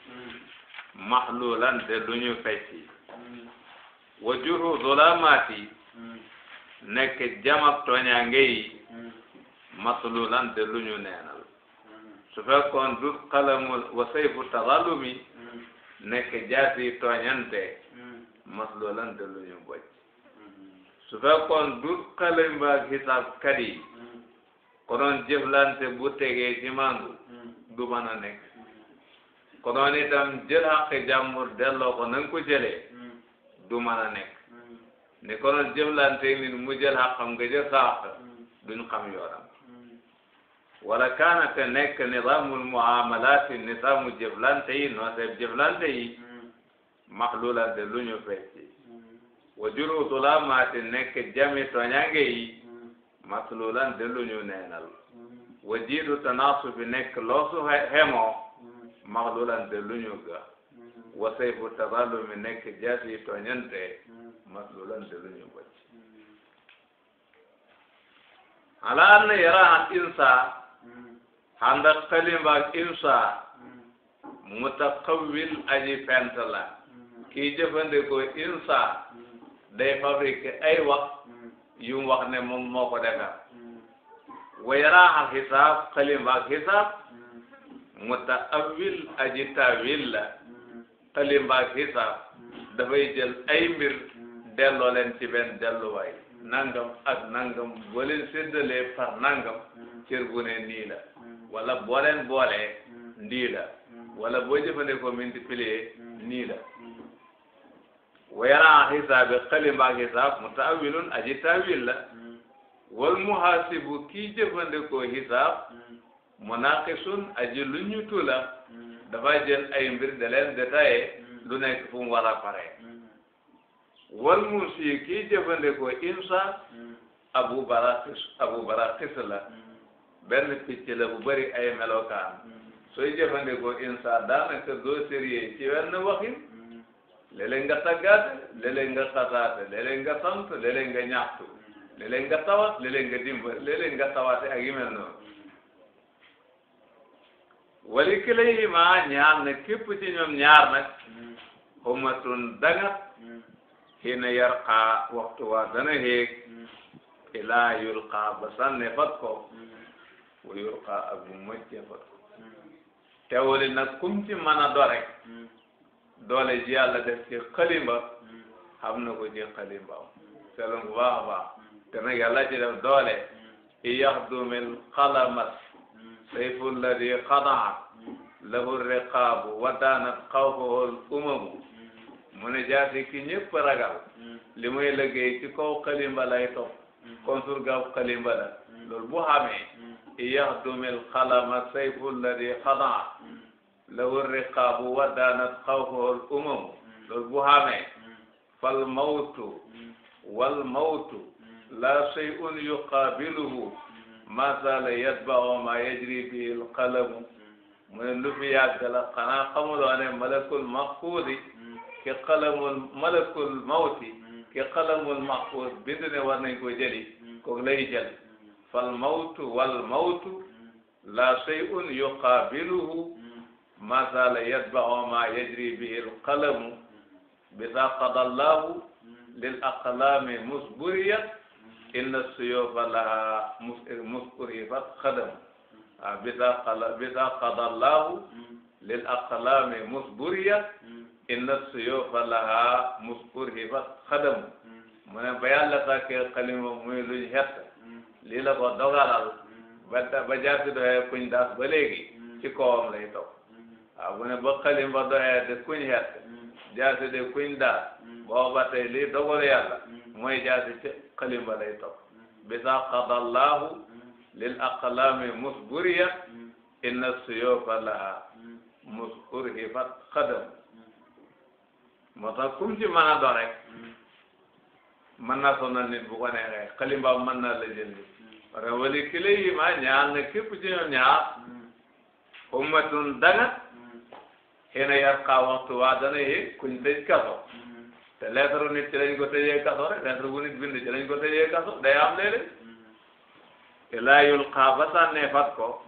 maxluulan te duñu fecci wajuhu zulaamaati nekk jamab toñaange yi matlulan de lu ñu neenal mm-hmm. su fekkoon du xalamul wa sayfu mm-hmm. nekk jaasi tooñante mm-hmm. matlulan de lu ñu boj su fekkoon du xalam ak xisaabkat yi konoon jëflante bu tegee ci mandu du mën a nekk konoon itam jël xaqi jàmbur delloo ko nanga ko jëlee du mën a nekk ni konoon jëflante nit mu jël xaqam nga jël sa duñ xam yoonam wala kaana te nekk nizaamul muamalaati nizaamu jëflante yi nooseeb jëflante yi hmm. maxlulan te lu ñu fecci hmm. wa juru sulaamaati nekk jami toñange yi hmm. maslulan te lu ñu neenal wa jiitu tanaasufi nekk loosu hemoo maxlulan te lu ñu ga wa sayfu tazalumi nekk jaasi toñante maslulan te lu ñu bëcc ala an yara al insa xandal xalima ak insa hmm. mutaqawwil aji fent la hmm. kii jëfandikoo insa hmm. day fabriqué ay wax yu wax ne moom moo ko de wayaraaxa xisaab xalima ak xisaab mutaqawwil aji tawil la xalima xisaab dafay jël ay mbir delloo leen ci benn delluwaay nangam ak nangam boo leen par nangam cër bu nii la wala boo leen boolee mm. ndii la mm. wala boo jëfandikoo multiplier mm. nii la wayaraan xisaab bi xalimbaak mu taawilun aji taawil la wal muhaasibu kii jëfandikoo xisaab munaqisun aji lu ñutu la dafa jël ay mbir da leen lu nekk fu mu war a pare wal muusi kii jëfandikoo insa abu bara abu bara la benn picc la bu bëri ay melokaan mm-hmm. sooy jëfandikoo insa daanaka doo sérieux ci wenn waxin mm-hmm. léeg-léeg nga taggaate léeg-léeg nga xasaate léeg-léeg nga sant léeg-léeg nga ñaxtu mm-hmm. léeg-léeg nga tawat léeg-léeg dimbal léeg-léeg nga tawaate ak yu mel noonu wali kilayhima na képp ci ñoom ñaar nag xumatun dangat xiina yarqa waxtu waa dana héeg ilaa yulqa ba sànne fat ko wa yurqa ak mu moccefat teewali nag kum ci mën a do ji yàlla def ci xalimba xam na ko ci xalimbaam selon bu baax a baax te nag yàlla ci def doole i yaxdumil xalamat sayfun la di xanaat lahu riqaabu wadaanat xawfahul umamu mu ne jaasi ki ñëpp ragal li muy liggéey ci kaw xalimba lay topp kon surgaaw xalimba la loolu bu xamee yaxdumil xalama sayfu lladi xadaa lawu riqaabu waddaanat xawxool umam loolu bu xamee fal mawtu wal mawtu laa shay'un yuqaabiluhu maa zaala yatba'u maa yajri bihi lqalamu mu ne lu fi yàgg la xanaa xamuloo ne malakul maxfuudi ki xalamul malakul mawti ki xalamul maxfuud bind ne war nañ ko jëli kooku lay jël fal mawtu wal mawtu la shay'un yuqaabiluhu ma zaala yatba'u ma yajri bihi alqalamu biza qada allahu lil aqlaami musburiyat inna suyufa laha muskurifat xadamu ah biza qala biza qada allahu lil aqlaami musburiyat inna suyufa laha muskurifat xadamu mu ne ba yàlla sàkkee xalima muy luñ xett lii la ko dogalal mm-hmm. ba ba jàppi doxee kuñ daas ba léegi mm-hmm. ci kawam lay topp mm-hmm. waaw ne ba xalim ba doxee kuñ xet jaasi de kuñ daas booba tey lii dogal yàlla mooy jaasi ci xalim ba lay topp bisa qadallahu lil aqlami musburiya inna suyufa laha muskurhifat xadam moo tax kum ci mën a doon rek mën naa ko neexee xalimbaam mën naa la jël wala kile yi ma ñaal na képp ci ñoom ñaar ummatun dangat xëy na yarqa waxtu waa dana yëg kuñ tëj kaso te lettre nit ci lañ ko tëjee kaso rek lettre bu nit bind ci lañ ko tëjee kaso day am léeg-léeg ilaa yulqa ba sànnee fat ko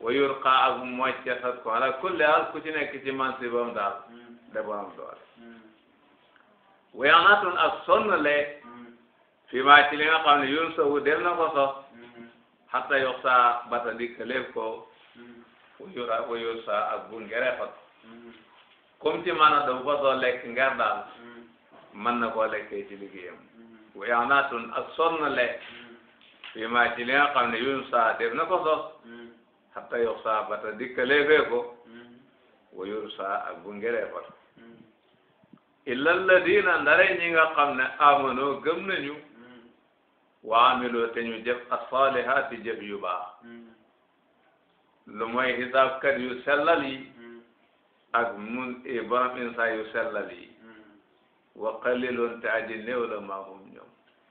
wa yulqa ak mu fat ko ala kulli al ku ci nekk ci mansibam daal da bu am doole wayanatun ak sonn le fi maa ci li ne yun sawu dem na ko sos hatta yoxsa bata dikkaleef ko fuyura mm-hmm. fuyusa ak bu ngerefat comme mm-hmm. ci maanaam dafa ko soo lekk ngeer daal mm-hmm. mën na koo lekkee ci liggéeyam wayaanaatun ak sonn lekk fii maa ci nga xam ne yun saa def na ko hatta yoxsa bata dikkaleefee ko fuyusa ak bu ngerefat illa alladina ndare ñi nga xam ne amano gëm nañu wa amiloo te ñu jëf asalihaati jëf yu baax hmm. lu mooy xisaabkat yu sellal yi hmm. ak mun borom insa yu sellal yi hmm. wa qaliloon te aji néew la maahum ñoom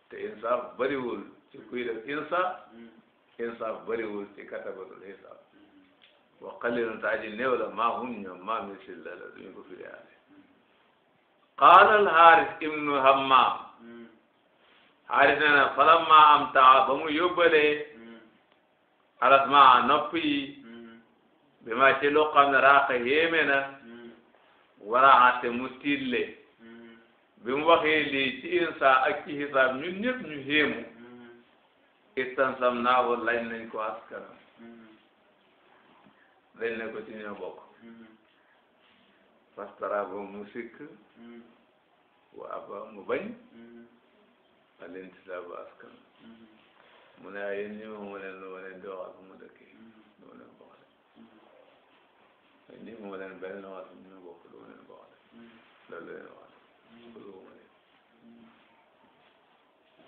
te insaaf bëriwul ci kuy def insaaf insaaf bëriwul ci katabatul xisaab wa qaliloon te aji néew la maahum ñoom maa misil la la duñu ko firi aale qaala al haaris ibnu hammaam xaaris nee na falamma am taa ba mu yóbbalee alasma nopp yi bi ma ci lu xam ne raaqa yéeme na wara ate mu tiille bi mu waxee lii ci insa ak ci hisaab ñun ñëpp ñu xéemu istansam naahu lañ nañ ko askana lañ nañ ko ci ñoo bokk fastara ba mu sikk wa aba mu bañ alintizaabu askan mu ne ay yéen ñi mu leen lu leen di wax ak mu dëkk lu leen boole ñi mu leen benn wax ñu ne bokk lu leen boole loolu leen wax lu mu leen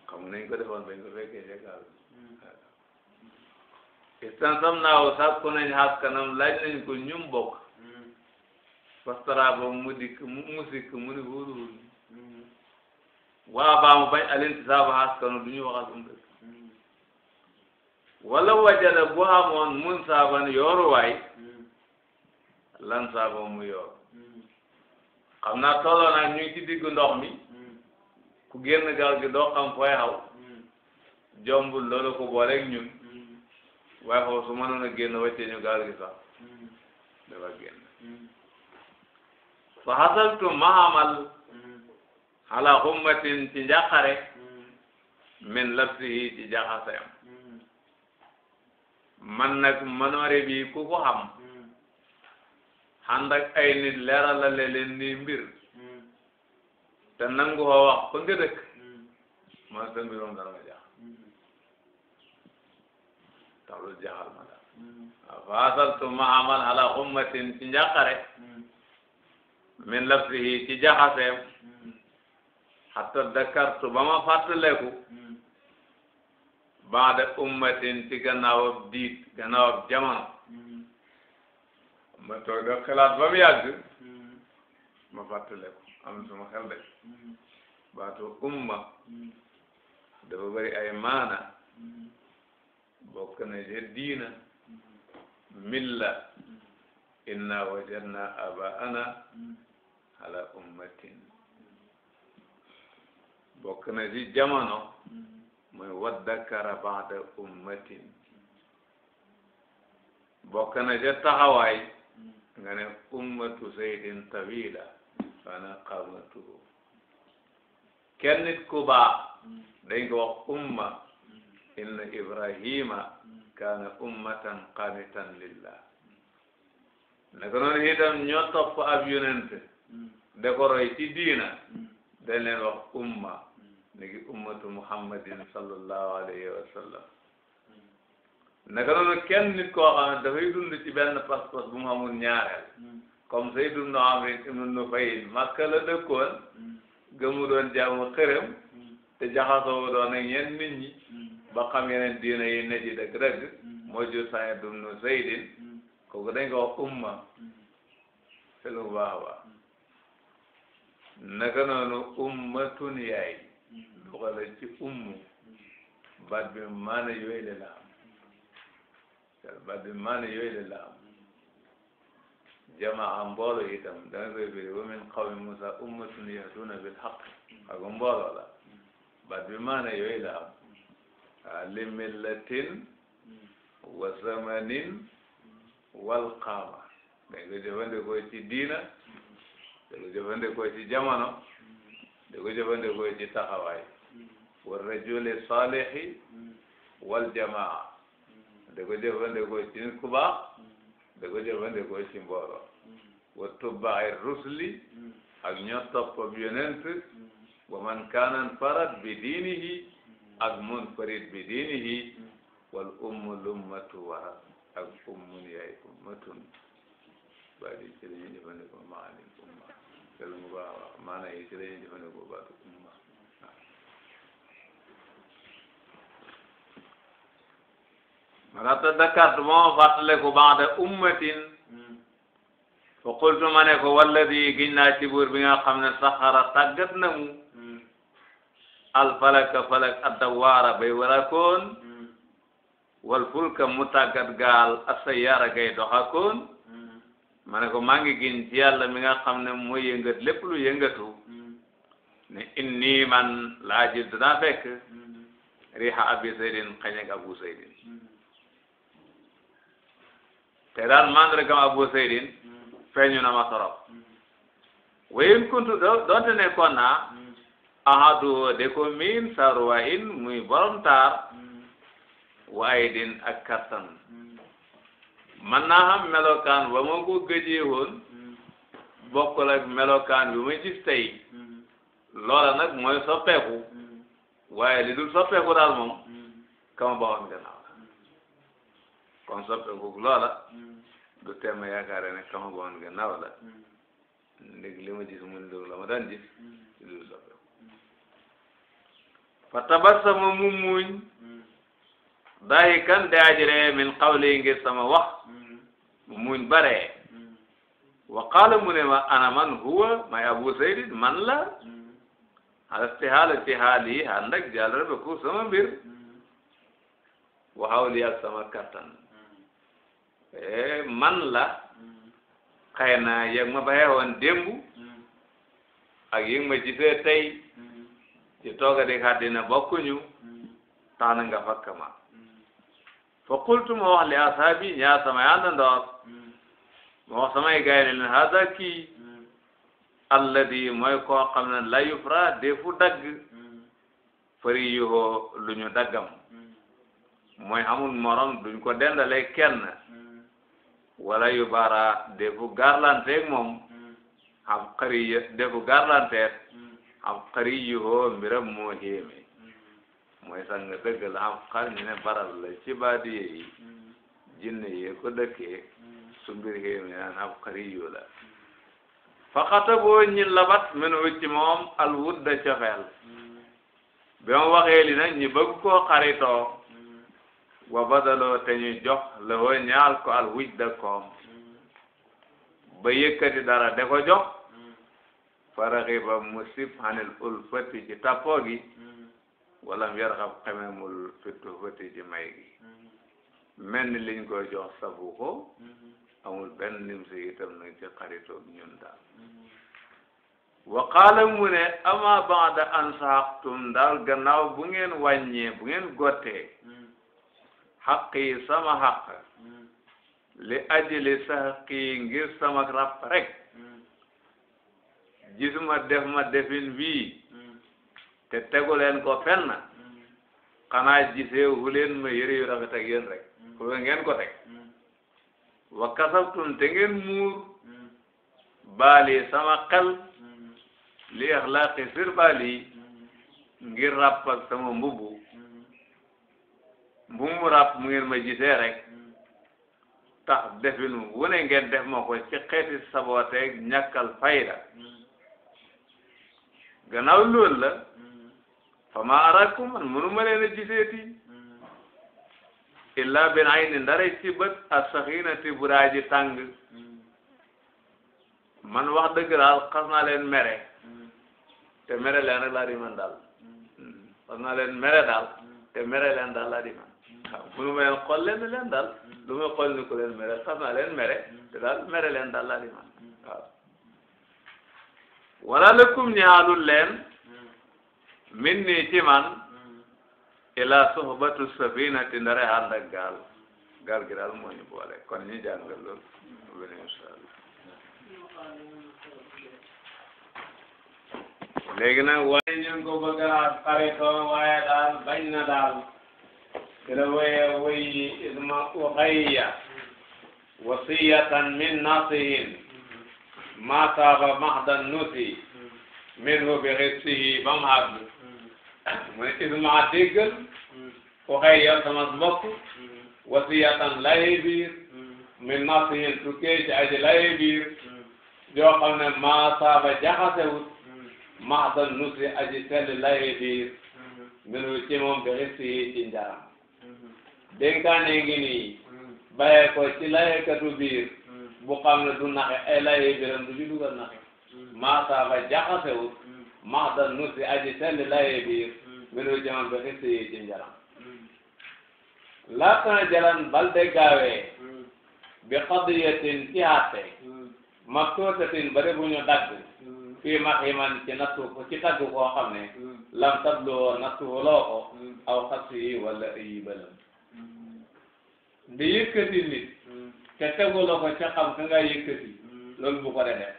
xam nañ ko defoon bañ ko fekkee jekaal istansam naaw sàkku nañ askanam laaj nañ ko ñum bokk fastara ba mu dikk mu sikk mu ni wóoruwul waa baa mu bañ alintisaabu askanu du ñu wax ak um dëgg wala wajada bu amoon mun saaban yooruwaay lan saaba mu yoor xam naa tolloo nag ñu ngi ci ndox mi ku génn gaal gi doo xam fooy jombul loolu ko booleeg ñun waaye xaw su mënoon a génn wàccee ñu gaal gi sax dafa génn fa mahamal ala xummatin ci njàqare mm. min labsihi ci jaxasayam mm. man nag manoore bi ku ko xam mm. ànd ak ay nit leeralale leen ni mbir te nangu ko wax fa nga man sa mbiroom dara ma jaax tax lu jaaxal ma daal fa asaltu ma amal ala xummatin ci njàqare min labsihi ci hatta dakartu ba ma fàttaleku hmm. baada ummatin ci gannaaw ab diit gannaaw ab jamono hmm. ma toog def xalaat ba mu yàgg hmm. ma fàttaleku am suma xel de baatu umma dafa bëri ay maana bokk na ci diina milla inna wajadna abaana ala ummatin bokk na ci jamono muy mm-hmm. waddakara ba'da ummatin bokk na ca taxawaay mm-hmm. nga ne ummatu zaydin tawila fana qamatuhu kenn ku baax mm-hmm. dañ ko umma inna ibrahima kaana ummatan qanitan lillah naka noonu itam ñoo topp ab yonent da diina dañ leen umma ni ki muhammadin sallallahu alayhi wa sallam naka noonu kenn nit koo xam ne dafay dund ci benn pas bu mu amul ñaareel comme Zayd ibn Amr ibn Nufayl Makka la dëkkoon gëmu doon jaamu xërëm te jaxasoo doon ak yenn nit ñi ba xam yeneen diina yi ne ci dëgg-dëgg moo jur Saïd ibn Zaydin kooku dañ ko wax umma selu baax baax naka noonu ummatun yaay bu ko defee bi maana yooyu de la bi maana yooyu de la am jamaa mbooloo itam danga koy biri wa min qawmi Musa ummatun yahduuna bil haqq ak mbooloo la baat bi maana yooyu la am li millatin wa zamanin wal qaama dañ ko jëfandikoo ci diina dañ ko jëfandikoo ci jamono dañ ko jëfandikoo ci wal rajuli saalihi wal jamaa da ko jëfandikoo ci nit ku baax da ko jëfandikoo ci mbooloo wa rusli ak ñoo toppab yonent wa man kaanan farat bi diinihi ak mun farit bi diinihi wal ummu lummatu warat ak ummun yaay ummatun baa di ci la ñuy jëfandikoo maani umma te lu mu baax maana yi ci la ñuy jëfandikoo baatu umma maka ta dakkartu ba ma fàttaliku ba'da ummatin hmm. fa qultu ma ne ko walladi giñ naa ci buur bi nga xam ne saxara tàggat na mu hmm. alfalaka falak addawaara bay warakoon hmm. wal fulka mu tàggat gaal asayyaara gay doxakoon ma ne ko maa ngi giñ ci yàlla mi nga xam ne mooy yëngat lépp lu yëngatu ne inni man laa ji danaa fekk riha abi saydin xañeg abu saydin te daal mandargam Abu Seydin feeñu na ma torop wayin kuntu doonte nekkoon naa ahadu de ko miin saruwa in muy borom taar waaye din ak kattan man naa xam melokaan ba ma ko gëjee woon bokkul ak melokaan bi ma gis tey loola nag mooy soppeeku waaye li dul soppeeku daal moom kama ba woon gannaaw kon soppeeku loola hmm. du teem a yaakaare ne kama goon gannaaw la léegi hmm. li ma gis mu ne la ma daan gis hmm. lu soppeeku fa tabassama mu muuñ daayi kan daajire wax mu bare wa qaala ma ana man huwa may abu saydin man la halas tihaala tihaali ànd ak jàllale ba ku sama mbir wa hawli ak sama kattan Eh, man la xëy na yéeg ma bàyyi woon démb ak yéeg ma te tey ci tooga di àddina bokkuñu tax na nga fakk ma fa qultu wax li asaabi ñaar samay àndandoor ma wax samay gaay ne leen hada kii alladi mooy koo xam ne la yufra defu dagg fari yuhoo lu ñu daggam mooy amul morom duñ ko dendale kenn wala yu bara defu garlanteeg moom xam mm. xariya defu garlanteeg xam mm. xari yu hoo mbiram moo xéeme mm. mooy sang dëgg la xam xar ñu ne baral la ci baadiye yi jinne yee ko dëkkee su mbir xéeme naan xam xari yu la faxata boo labat min wucci moom al wudda cofeel bi ma waxee li nag ñi bëgg koo xaritoo wa badaloo te ñu jox la woo ñaal ko al wuj da koom ba yëkkati dara de ko jox faraxi ba mu sib xanil ul fëtti ci tappoo gi mel ni liñ ko jox sabu ko amul benn nim si itam nag ci xaritoog ñun daal wa mu ne ama baada an saxtum daal gannaaw bu ngeen wàññee bu ngeen gottee xaq yi sama xaq hmm. li ajali sa xaq ngir sama rap rek hmm. gis ma def ma defin bii hmm. te tegu leen ko fenn xanaa gisee wu leen ma yëre yu rafet ak rek ko ngeen ko teg wa kasabtum te ngeen muur baali sama xel li axlaaqi sir baali ngir ràpp sama mbubu bu mu ràpp mu ngeen ma gisee rek tax definu wune ngeen def ma ko ci xeeti sabooteeg ñàkkal fayda gannaaw loolu la fa ma araku man mënu leen a giseeti illa bin ay ni ndara ci bët asaxinati buraaji tàng man wax dëgg daal xas naa leen mere te mere leen rek laa di man daal xas naa leen mere daal te mere leen daal laa di man waaw munu ma leen xool leen leen daal lu may ni ku leen mere xam naa leen mere te daal mere leen daal laa man waaw wala lakum ñaalul leen min nii ci man ila sohbatu sabinati ndare ànd ak gaal gaal gi dal moo ñu boole kon ñu jàngal loolu bene incha waaye ñu ko bëgg a waaye daal bañ na daal ci la wéyee wéyi isma uxayya wasiyatan min nasihin ma taaba mahdan nusi minhu bi xisihi ba mu àgg mu ne isma déggal uxayya sama mbokk wasiyatan laye biir min nasihin tukkee ci aji laye biir joo xam ne ma taaba jaxasewut mahdan nusi aji sell laye biir minhu ci moom bi xisihi ci njaram dénkaane ngi nii bàyyee ko ci layekatu biir bu xam ne du naxe ay laye biram du ci dugal naxe maasaaba jaxasewut max da nu si jaman ba xiste yi ci njaram laatana jalan balde gaawee bi xadiyatin ci àtte mabtuutatin ba de bu ñu dagg fii max man ci nattu ko ci tagg koo xam ne lam tablu nattu aw xas yi wala ayi balam di yëkkati nit te teguloo ko ca xam ka ngay yëkkati loolu bu ko de def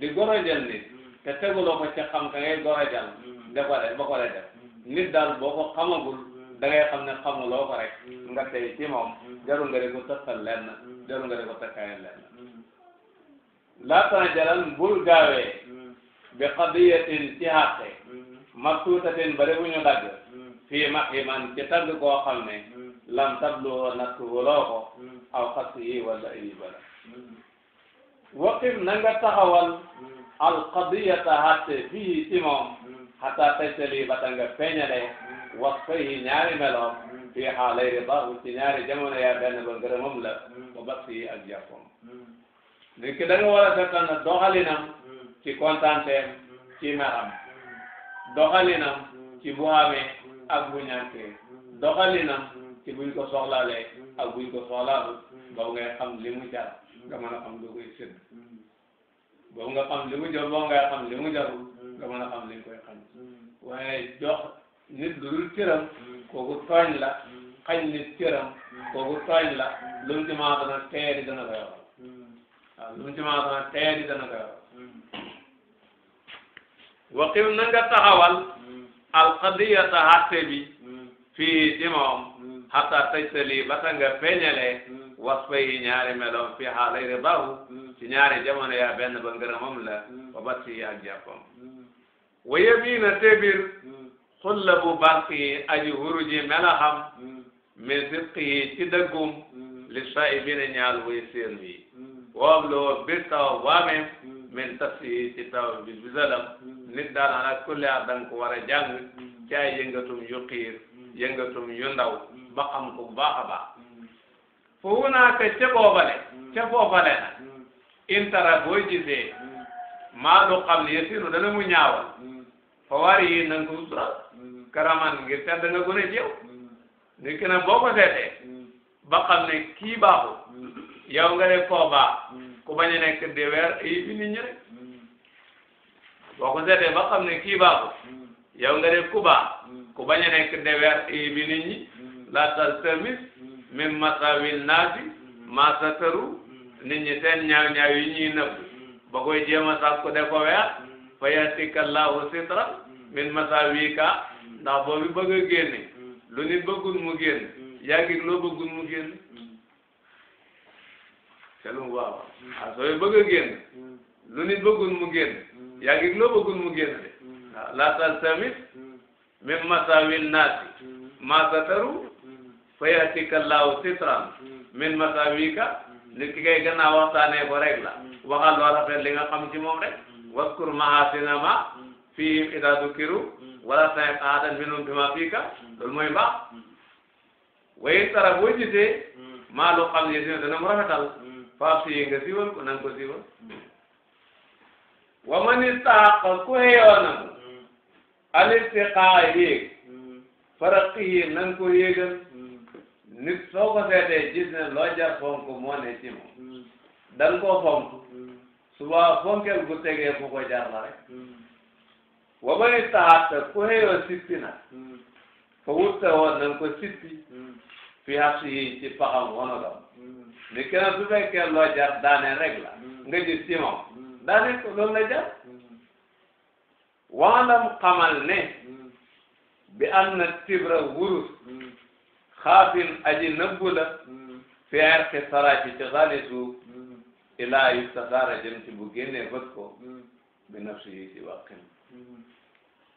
di gorojal nit te teguloo ko ca xam ka ngay gorojal de ko de ba ko de def nit daal boo ko xamagul da ngay xam ne xamuloo ko rek nga tey ci moom jarul nga di ko takkal lenn jarul nga di ko takkaayal lenn laatan jalan bul gaawee bi qadiyatin ci xàqe maktuutatin bari bu ñu dagg fii maximan ci tagg koo xam ne lan tabluwoo natt waloo ko hmm. aw xasu yi wala ay bala hmm. waqim na nga taxawal hmm. alqadiyata hatte fii ci moom xataa tajtali bata nga feeñale wax fay ñaari meloom fii xaalay ridahu ci ñaari jamono yaa benn ba la ba bas yi ak jàppam nga war a fekkan na doxalinam ci kontaanteem ci meram doxalinam ci bu amee ak bu ñàkkee ci buñ ko soxlaalee mm. ak buñ ko soxlaalu mm. boobu ngay xam li mu jar nga mën a xam lu koy sédd mm. boobu nga xam li mu jar boobu ngay xam li mu jarul nga mën a la xañ nit cëram kooku la lu mu ci maa dana teeri dana ko yoral waaw lu mu ci maa dana teeri dana ko yoral waqim na nga taxawal hatta tajtali bata nga feeñale mm. wasfay ñaari meloom fi xaalay ribahu mm. ci ñaari jamono yaa benn ba ngërëmam la mm. wa batti ak jàppam wa yamina tebir xulla bu aji huruji melaxam min sidqihi ci dëggum li saibina ñaal way séenu yi woom loo bir taw waameem min tafsi ci taw bi bisalam nit daal ana kulli ar danga ko war a jàng caay yëngatum yu xiir ba xam ko bu baax a baax mm. fo wu naa ka ca boobale mm. ca boobale na mm. intara booy gisee maa lu xam ne yesinu dana mu ñaawal fa war yi nanga ko sutura karaman ngir tedd nga gën a jeew nit ki nag boo ko seetee ba xam ne kii baaxul yow nga ne koo baax ku bañ a nekk di weer yi bi nit ñi rek boo ko seetee ba xam ne kii baaxul yow nga ne ku baax ku bañ a nekk di weer yi bi nit ñi la taltamis min masawil naasi ma sataru nit ñi seen ñaaw ñaaw yi ñuy nëbb ba koy jéem a sàkku de ko weer fa yatika allahu sitra min masawika ndax boobu bëgg a génne lu nit bëggul mu génn yàggig loo bëggul mu génn selum waaw ah sooy bëgg a génn lu nit bëggul mu génn yàggig loo bëggul mu génn de la taltamis min masawil naasi ma sataru fayatika llahu sitran min masawika mm-hmm. nit ki kay gannaaw waxtaanee ko rek la mm-hmm. waxal lu rafet li nga xam ci mm-hmm. ma fihim ida dukiru wala tahib ahadan minhum bima fika loolu mooy mbaax wayin tara boo gisee maa lu xam ne dina dana mu rafetal faa fii nga siiwal ko nanga ko siiwal wa man istaqa ku heyoonam al istiqaa yéeg faraqihi nanga ko yéegal nit soo ko seetee gis ne loo jar fonk moo ne ci moom da suba fonkeel gu tegee ku ko jar la rek wa ma ni taxaat ku xëyoo sippi na fa wut te woon ko sippi fi xas yi ci paxam wono dam ni kenn su fekkee loo jar daane rek la nga gis ci moom daane ko loolu la jar waalam xamal ne bi am na tibra wurus xaafin aji nëbbu la mm. fi erqi saraaci ci xaali suuf mm. ilaa yu saxaara jëm ci bu génnee bët ko mm. bi nafsi yi ci wàqin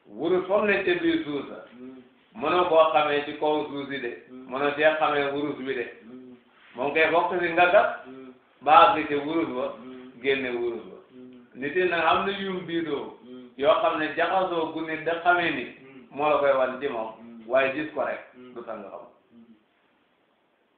wuru som ne ca biir suuf sa mënoo koo xamee ci kaw suuf si de mënoo cee xamee wurus bi de moom kay bokk si nga gas baax gi ca wurus ba génne wurus ba nit yi nag am na yum biidoo yoo xam ne jaxasoo gu nit da xamee ni moo la koy wan ci moom waaye gis ko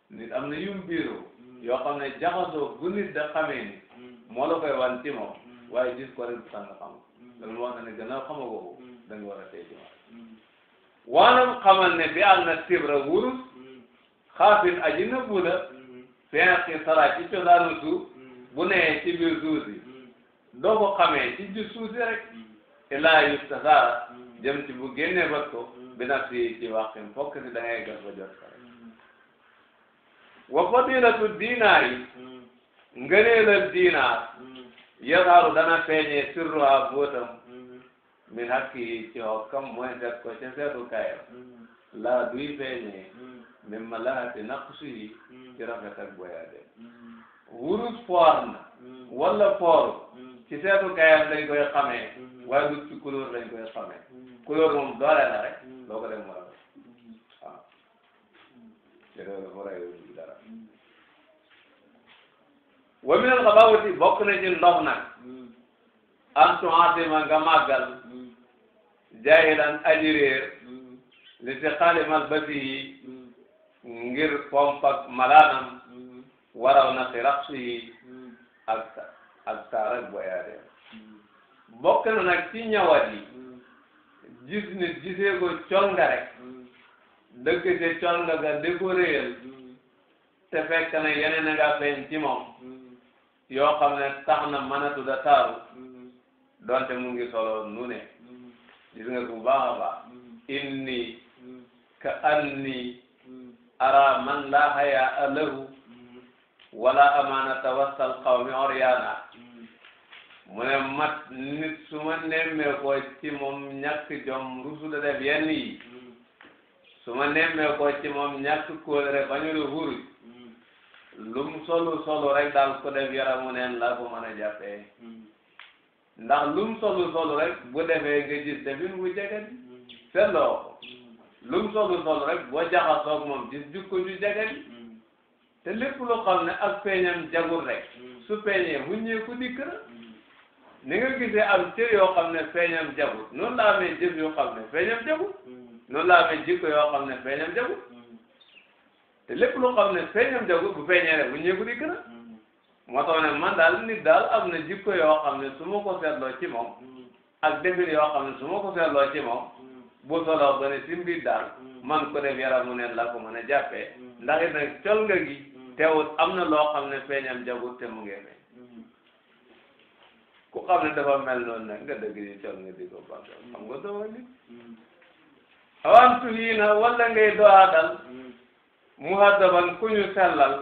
nit am na yum biiroo mm. yoo xam ne jaxasoo bu nit da xamee ni mm. moo la koy wan ci moom mm. waaye gis ko rek du tax nga xam loolu moo tax ne gannaaw xama ko da nga war a tey ci moom waanam xamal ne bi am na tibra wurus xaafin aji na buda fenqi sara ci cosaanu suuf bu nee ci biir suuf si doo ko xamee ci biir suuf si rek ilaa yu tasaara jëm ci bu génnee bat ko bi naf si ci waxin fokk si da ngay gas ba jot wa fadilatu diinaar yi ngëneelal diinaar yazaaru dana feeñee sirruha bóotam min hakki yi ci mooy def ko ca seetu kaayam laa duy feeñee min malahati naqsu yi ci rafet ak boyaade wurus foor na wala foor ci seetu kaayam lañ koy xamee waaye du ci couleur lañ koy xamee couleur moom doole la rek loo ko def moo rafet waaw wa min al xabaawati bokk na ci ndox nag an tuaasima nga màggal jaahilan aji réer li si xaalimal basi yi ngir pompak malaanam waraw na si raqsi yi ak ak taarak boyaadeem bokk na nag ci ñawat yi gis nit gisee ko col nga rek dëkk ci ga di ko te fekk na yeneen a nga feeñ ci yoo xam ne tax na mënatu da taaru mm-hmm. donte mu ngi solo nu ne mm-hmm. gis nga baax a baax mm-hmm. inni ka anni ara man laa hayaa lahu wala amaanata wasal qawmi oryaana mu ne mat nit su ma nemmee ko ci moom ñàkk jom rusu da def yenn yi su ma nemmee ko ci moom ñàkk kóolere bañu lu huruj lum solu solu rek daal ku def yaramu neen la ko mën a jàppee ndax lum solu solu rek bu defee nga gis defin bu jeget seetloo lum solu solu rek boo jaxasoo ak moom gis jukko ju jeget te lépp lu ne ak peñam jagul rek su peñee huññee ku dikk na ni nga gisee am cër yoo xam ne peñam jagul noonu la amee jëf yoo xam ne peñam jagul noonu la amee jikko yoo xam ne peñam jagul te lépp loo xam ne feeñam jago bu feeñee rek bu di gën a moo tax na man daal nit daal am na jikko yoo xam ne su ma ko seetloo ci moom ak defin yoo xam ne su ma ko seetloo ci moom bu soloo ba ne si mbir daal man ko def yaramu neen la ko mën a jàppee ndax it col nga gi teewut am na loo xam ne feeñam jagut te mu ngi feeñ ku xam ne dafa mel noonu nag nga dëgg col nga di ko bàggal xam nga doo nit awantu lii na wala ngay doxaa dal muhaddaban ku ñu sellal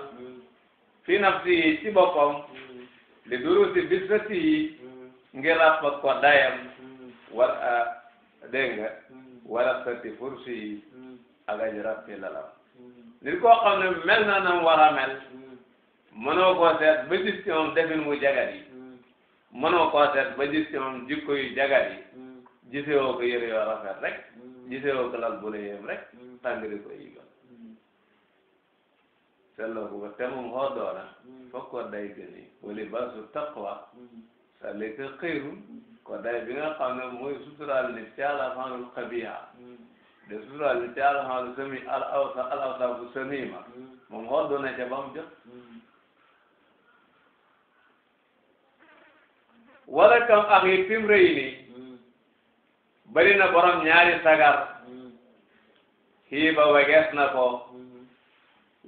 fi nafsi ci boppam li durusi bisati yi ngir ràpp ko dayam war a dégg nga wala sati fursi yi ak aji ràppi lalam nit koo xam ne mel na nam war a mel mënoo koo seet ba defin mu jagat yi mënoo koo seet ba gis ci moom jikko yu jagat yi gisewoo rek gisewoo ko lal bu la rek tàng di ko yigal selloo ko temum hodoona fokk ko day gëni wali basu taqwa hmm. salika xayrun ko day bi nga xam ne mooy sutural nit ci alafanul xabiha hmm. de sutural nit ci alafanul sami al awsa al awsa bu samima hmm. moom hodoona ca bam jot wala kam ak yi tim rëy ni bari na borom ñaari sagar xiiba wegees na ko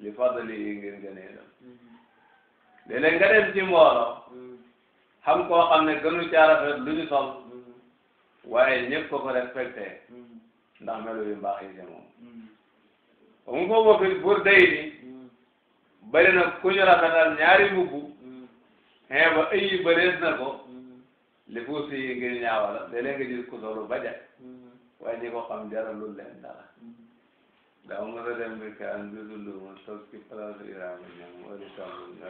li fadli yi ngir gëneelam mm-hmm. léeg-léeg nga ci mbooloo mm-hmm. xam koo xam ne gënu caa rafet lu ñu sol mm-hmm. waaye ñëpp ko ko respecté yu mbaax yi ci moom comme ko bokk pour day ni bëri na ku ñu rafetal ñaari mbubb xee ba ayi bërees li fuusi yi ngir ñaawala léeg-léeg nga gis ku solu baja waaye ñi ko xam jaralul dara daaw ma doon dem hm. bi kaan bi lu lu ma toog ci palaasu Iran bi ñoom wala tàmbul nga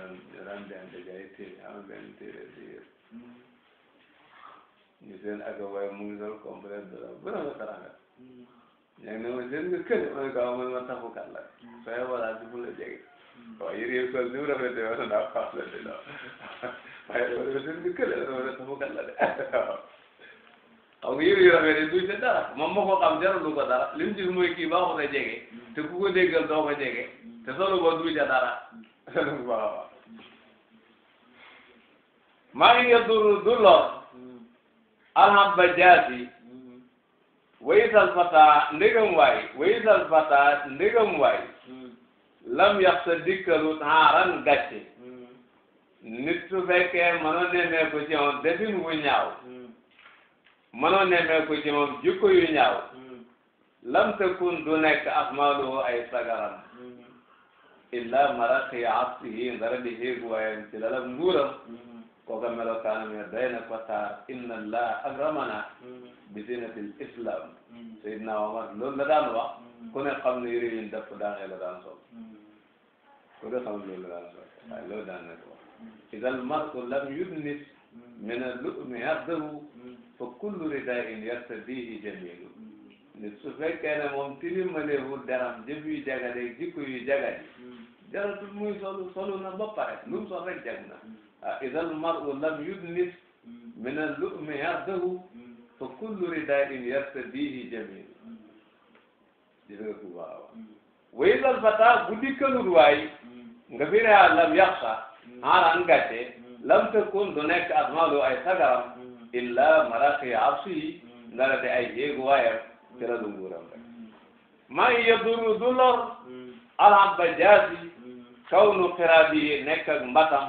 daan dende jaay téere am benn téere si yëpp ñu seen ak waaye mu ngi sol complet de la bu la nga taraxa ñag ne ma seen nga kële ma ne ko amal ma tafukat la sooy wala bu la jege waaw yëre yëpp sol ni mu rafet wala naa faas la di la waaye seen nga kële ma ne tafukat la de xam nga yëf yu rafet yi duñ ne dara moom moo ko xam jarul ko dara li mu gis mooy kii baaxut a jege mm. te ku ko déggal doo ko jege mm. te solo boo duñ ca dara mm. waaw maa ngi du lor alhamba jaasi wayisal fata ndegam waay wayisal fata ndegam waay lam yax sa dikkalu taaran gàcce nit su fekkee mënoon nemee ko ci woon defin wu ñaaw mënoo nemmeeku ci moom jikko yu ñaaw hmm. lam takun du nekk ahmaluhu ay sagaram hmm. illa maraqi absihi ndara di xéegu waayam ci lala nguuram hmm. kooka melokaanam ya doy na ko taar inna allah akramana bi zinatil islam sayidna omar loolu la daan wax ku ne xam ne yëre yuñ def daanee la daan sol ku ne xam loolu la daan sol waaye loolu daan ne ko wax idal mar'u lam yudnis min al lu'mi yardahu fa kullu ridain yartadihi jamilu nit su fekkee ne moom tilimaleewul deram jëf yu jagade jikko yu jagadi jaratul muy solu solu na ba pare lu mu sol rek jag na ah idal maru lam yudnit min al lumi yardahu fa kullu ridain yartadihi jamilu jëfee ku waaw wa idal fata bu dikkalul waay nga fi ne lam yaxsa xaaraan gàcce lam tëkkoon du nekk asmaalu ay sagaram illa maraqi absi ndara de ay yéeguwaayam ci ralu nguuram rek maa ngi du lor alhaba jaasi kaw nu xiraat yi nekk ak mbatam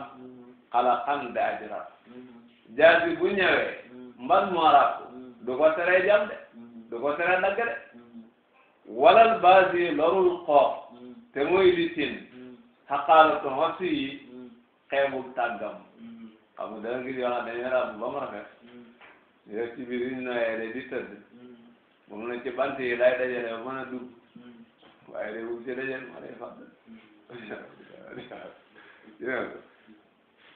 xalaxan de ajrat jaasi bu ñëwee mbat jam de du ko walal baasi lorul xoox te muy li tin xaqaalatu xosi yi xeebul tàggam xam nga dana gis yoo xam ne dañuy raab ba mu rafet yow ci biir yu ñu nooyee di tëdd hmm. moom la ci bant yi lay dajale ba mën a dugg hmm. waaye de bu ci dajale ma lay fàtt hmm.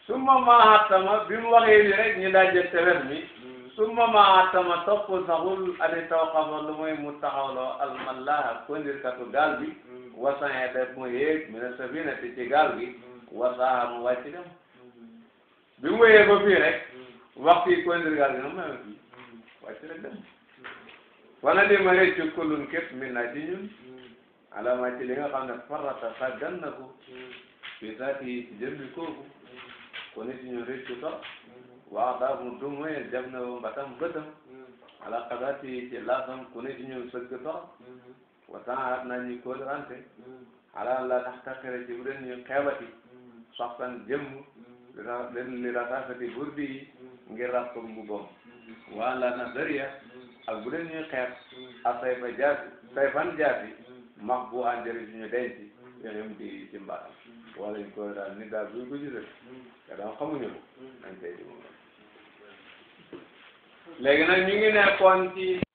summa maa hattama bi mu waxee ni rek ñu daje tewet mi summa maa hattama topp saxul ani taw xama lu muy mu taxawloo almallaha kondirkatu gaal bi wasaxee def mu yéeg mi ne sabinati ci gaal gi wasaaha mu wàcc dem bi mu wéyee ba fii rek waxtu yi koy dëggal dina ma kii wàcc na dem wala li ma réccu kulun képp mi naa ci ñun alama ci li nga xam ne farata sàggan na ko fii saati yi ci jëmmi kooku ko nit ñun réccu sax waax daa mu dumoye jam na wo mbatam bëtam ala xadaati yi ci laasam ku nit ñun sëgg sax watanat naa ñu kóolante ala la tax takkare ci bu den ñu xeebati sax san jëmm li rafetati burdi yi ngir rafet mu góob wala na ak bu dee ñuy xeeb ak sayfa jaasi sayfan jaasi mag bu anjëri suñu denc yoxim di ci mbaaram wala ni ko gisee te dama xamuñu ko dañ tey di moom léegi nag ñu ngi nekkoon ci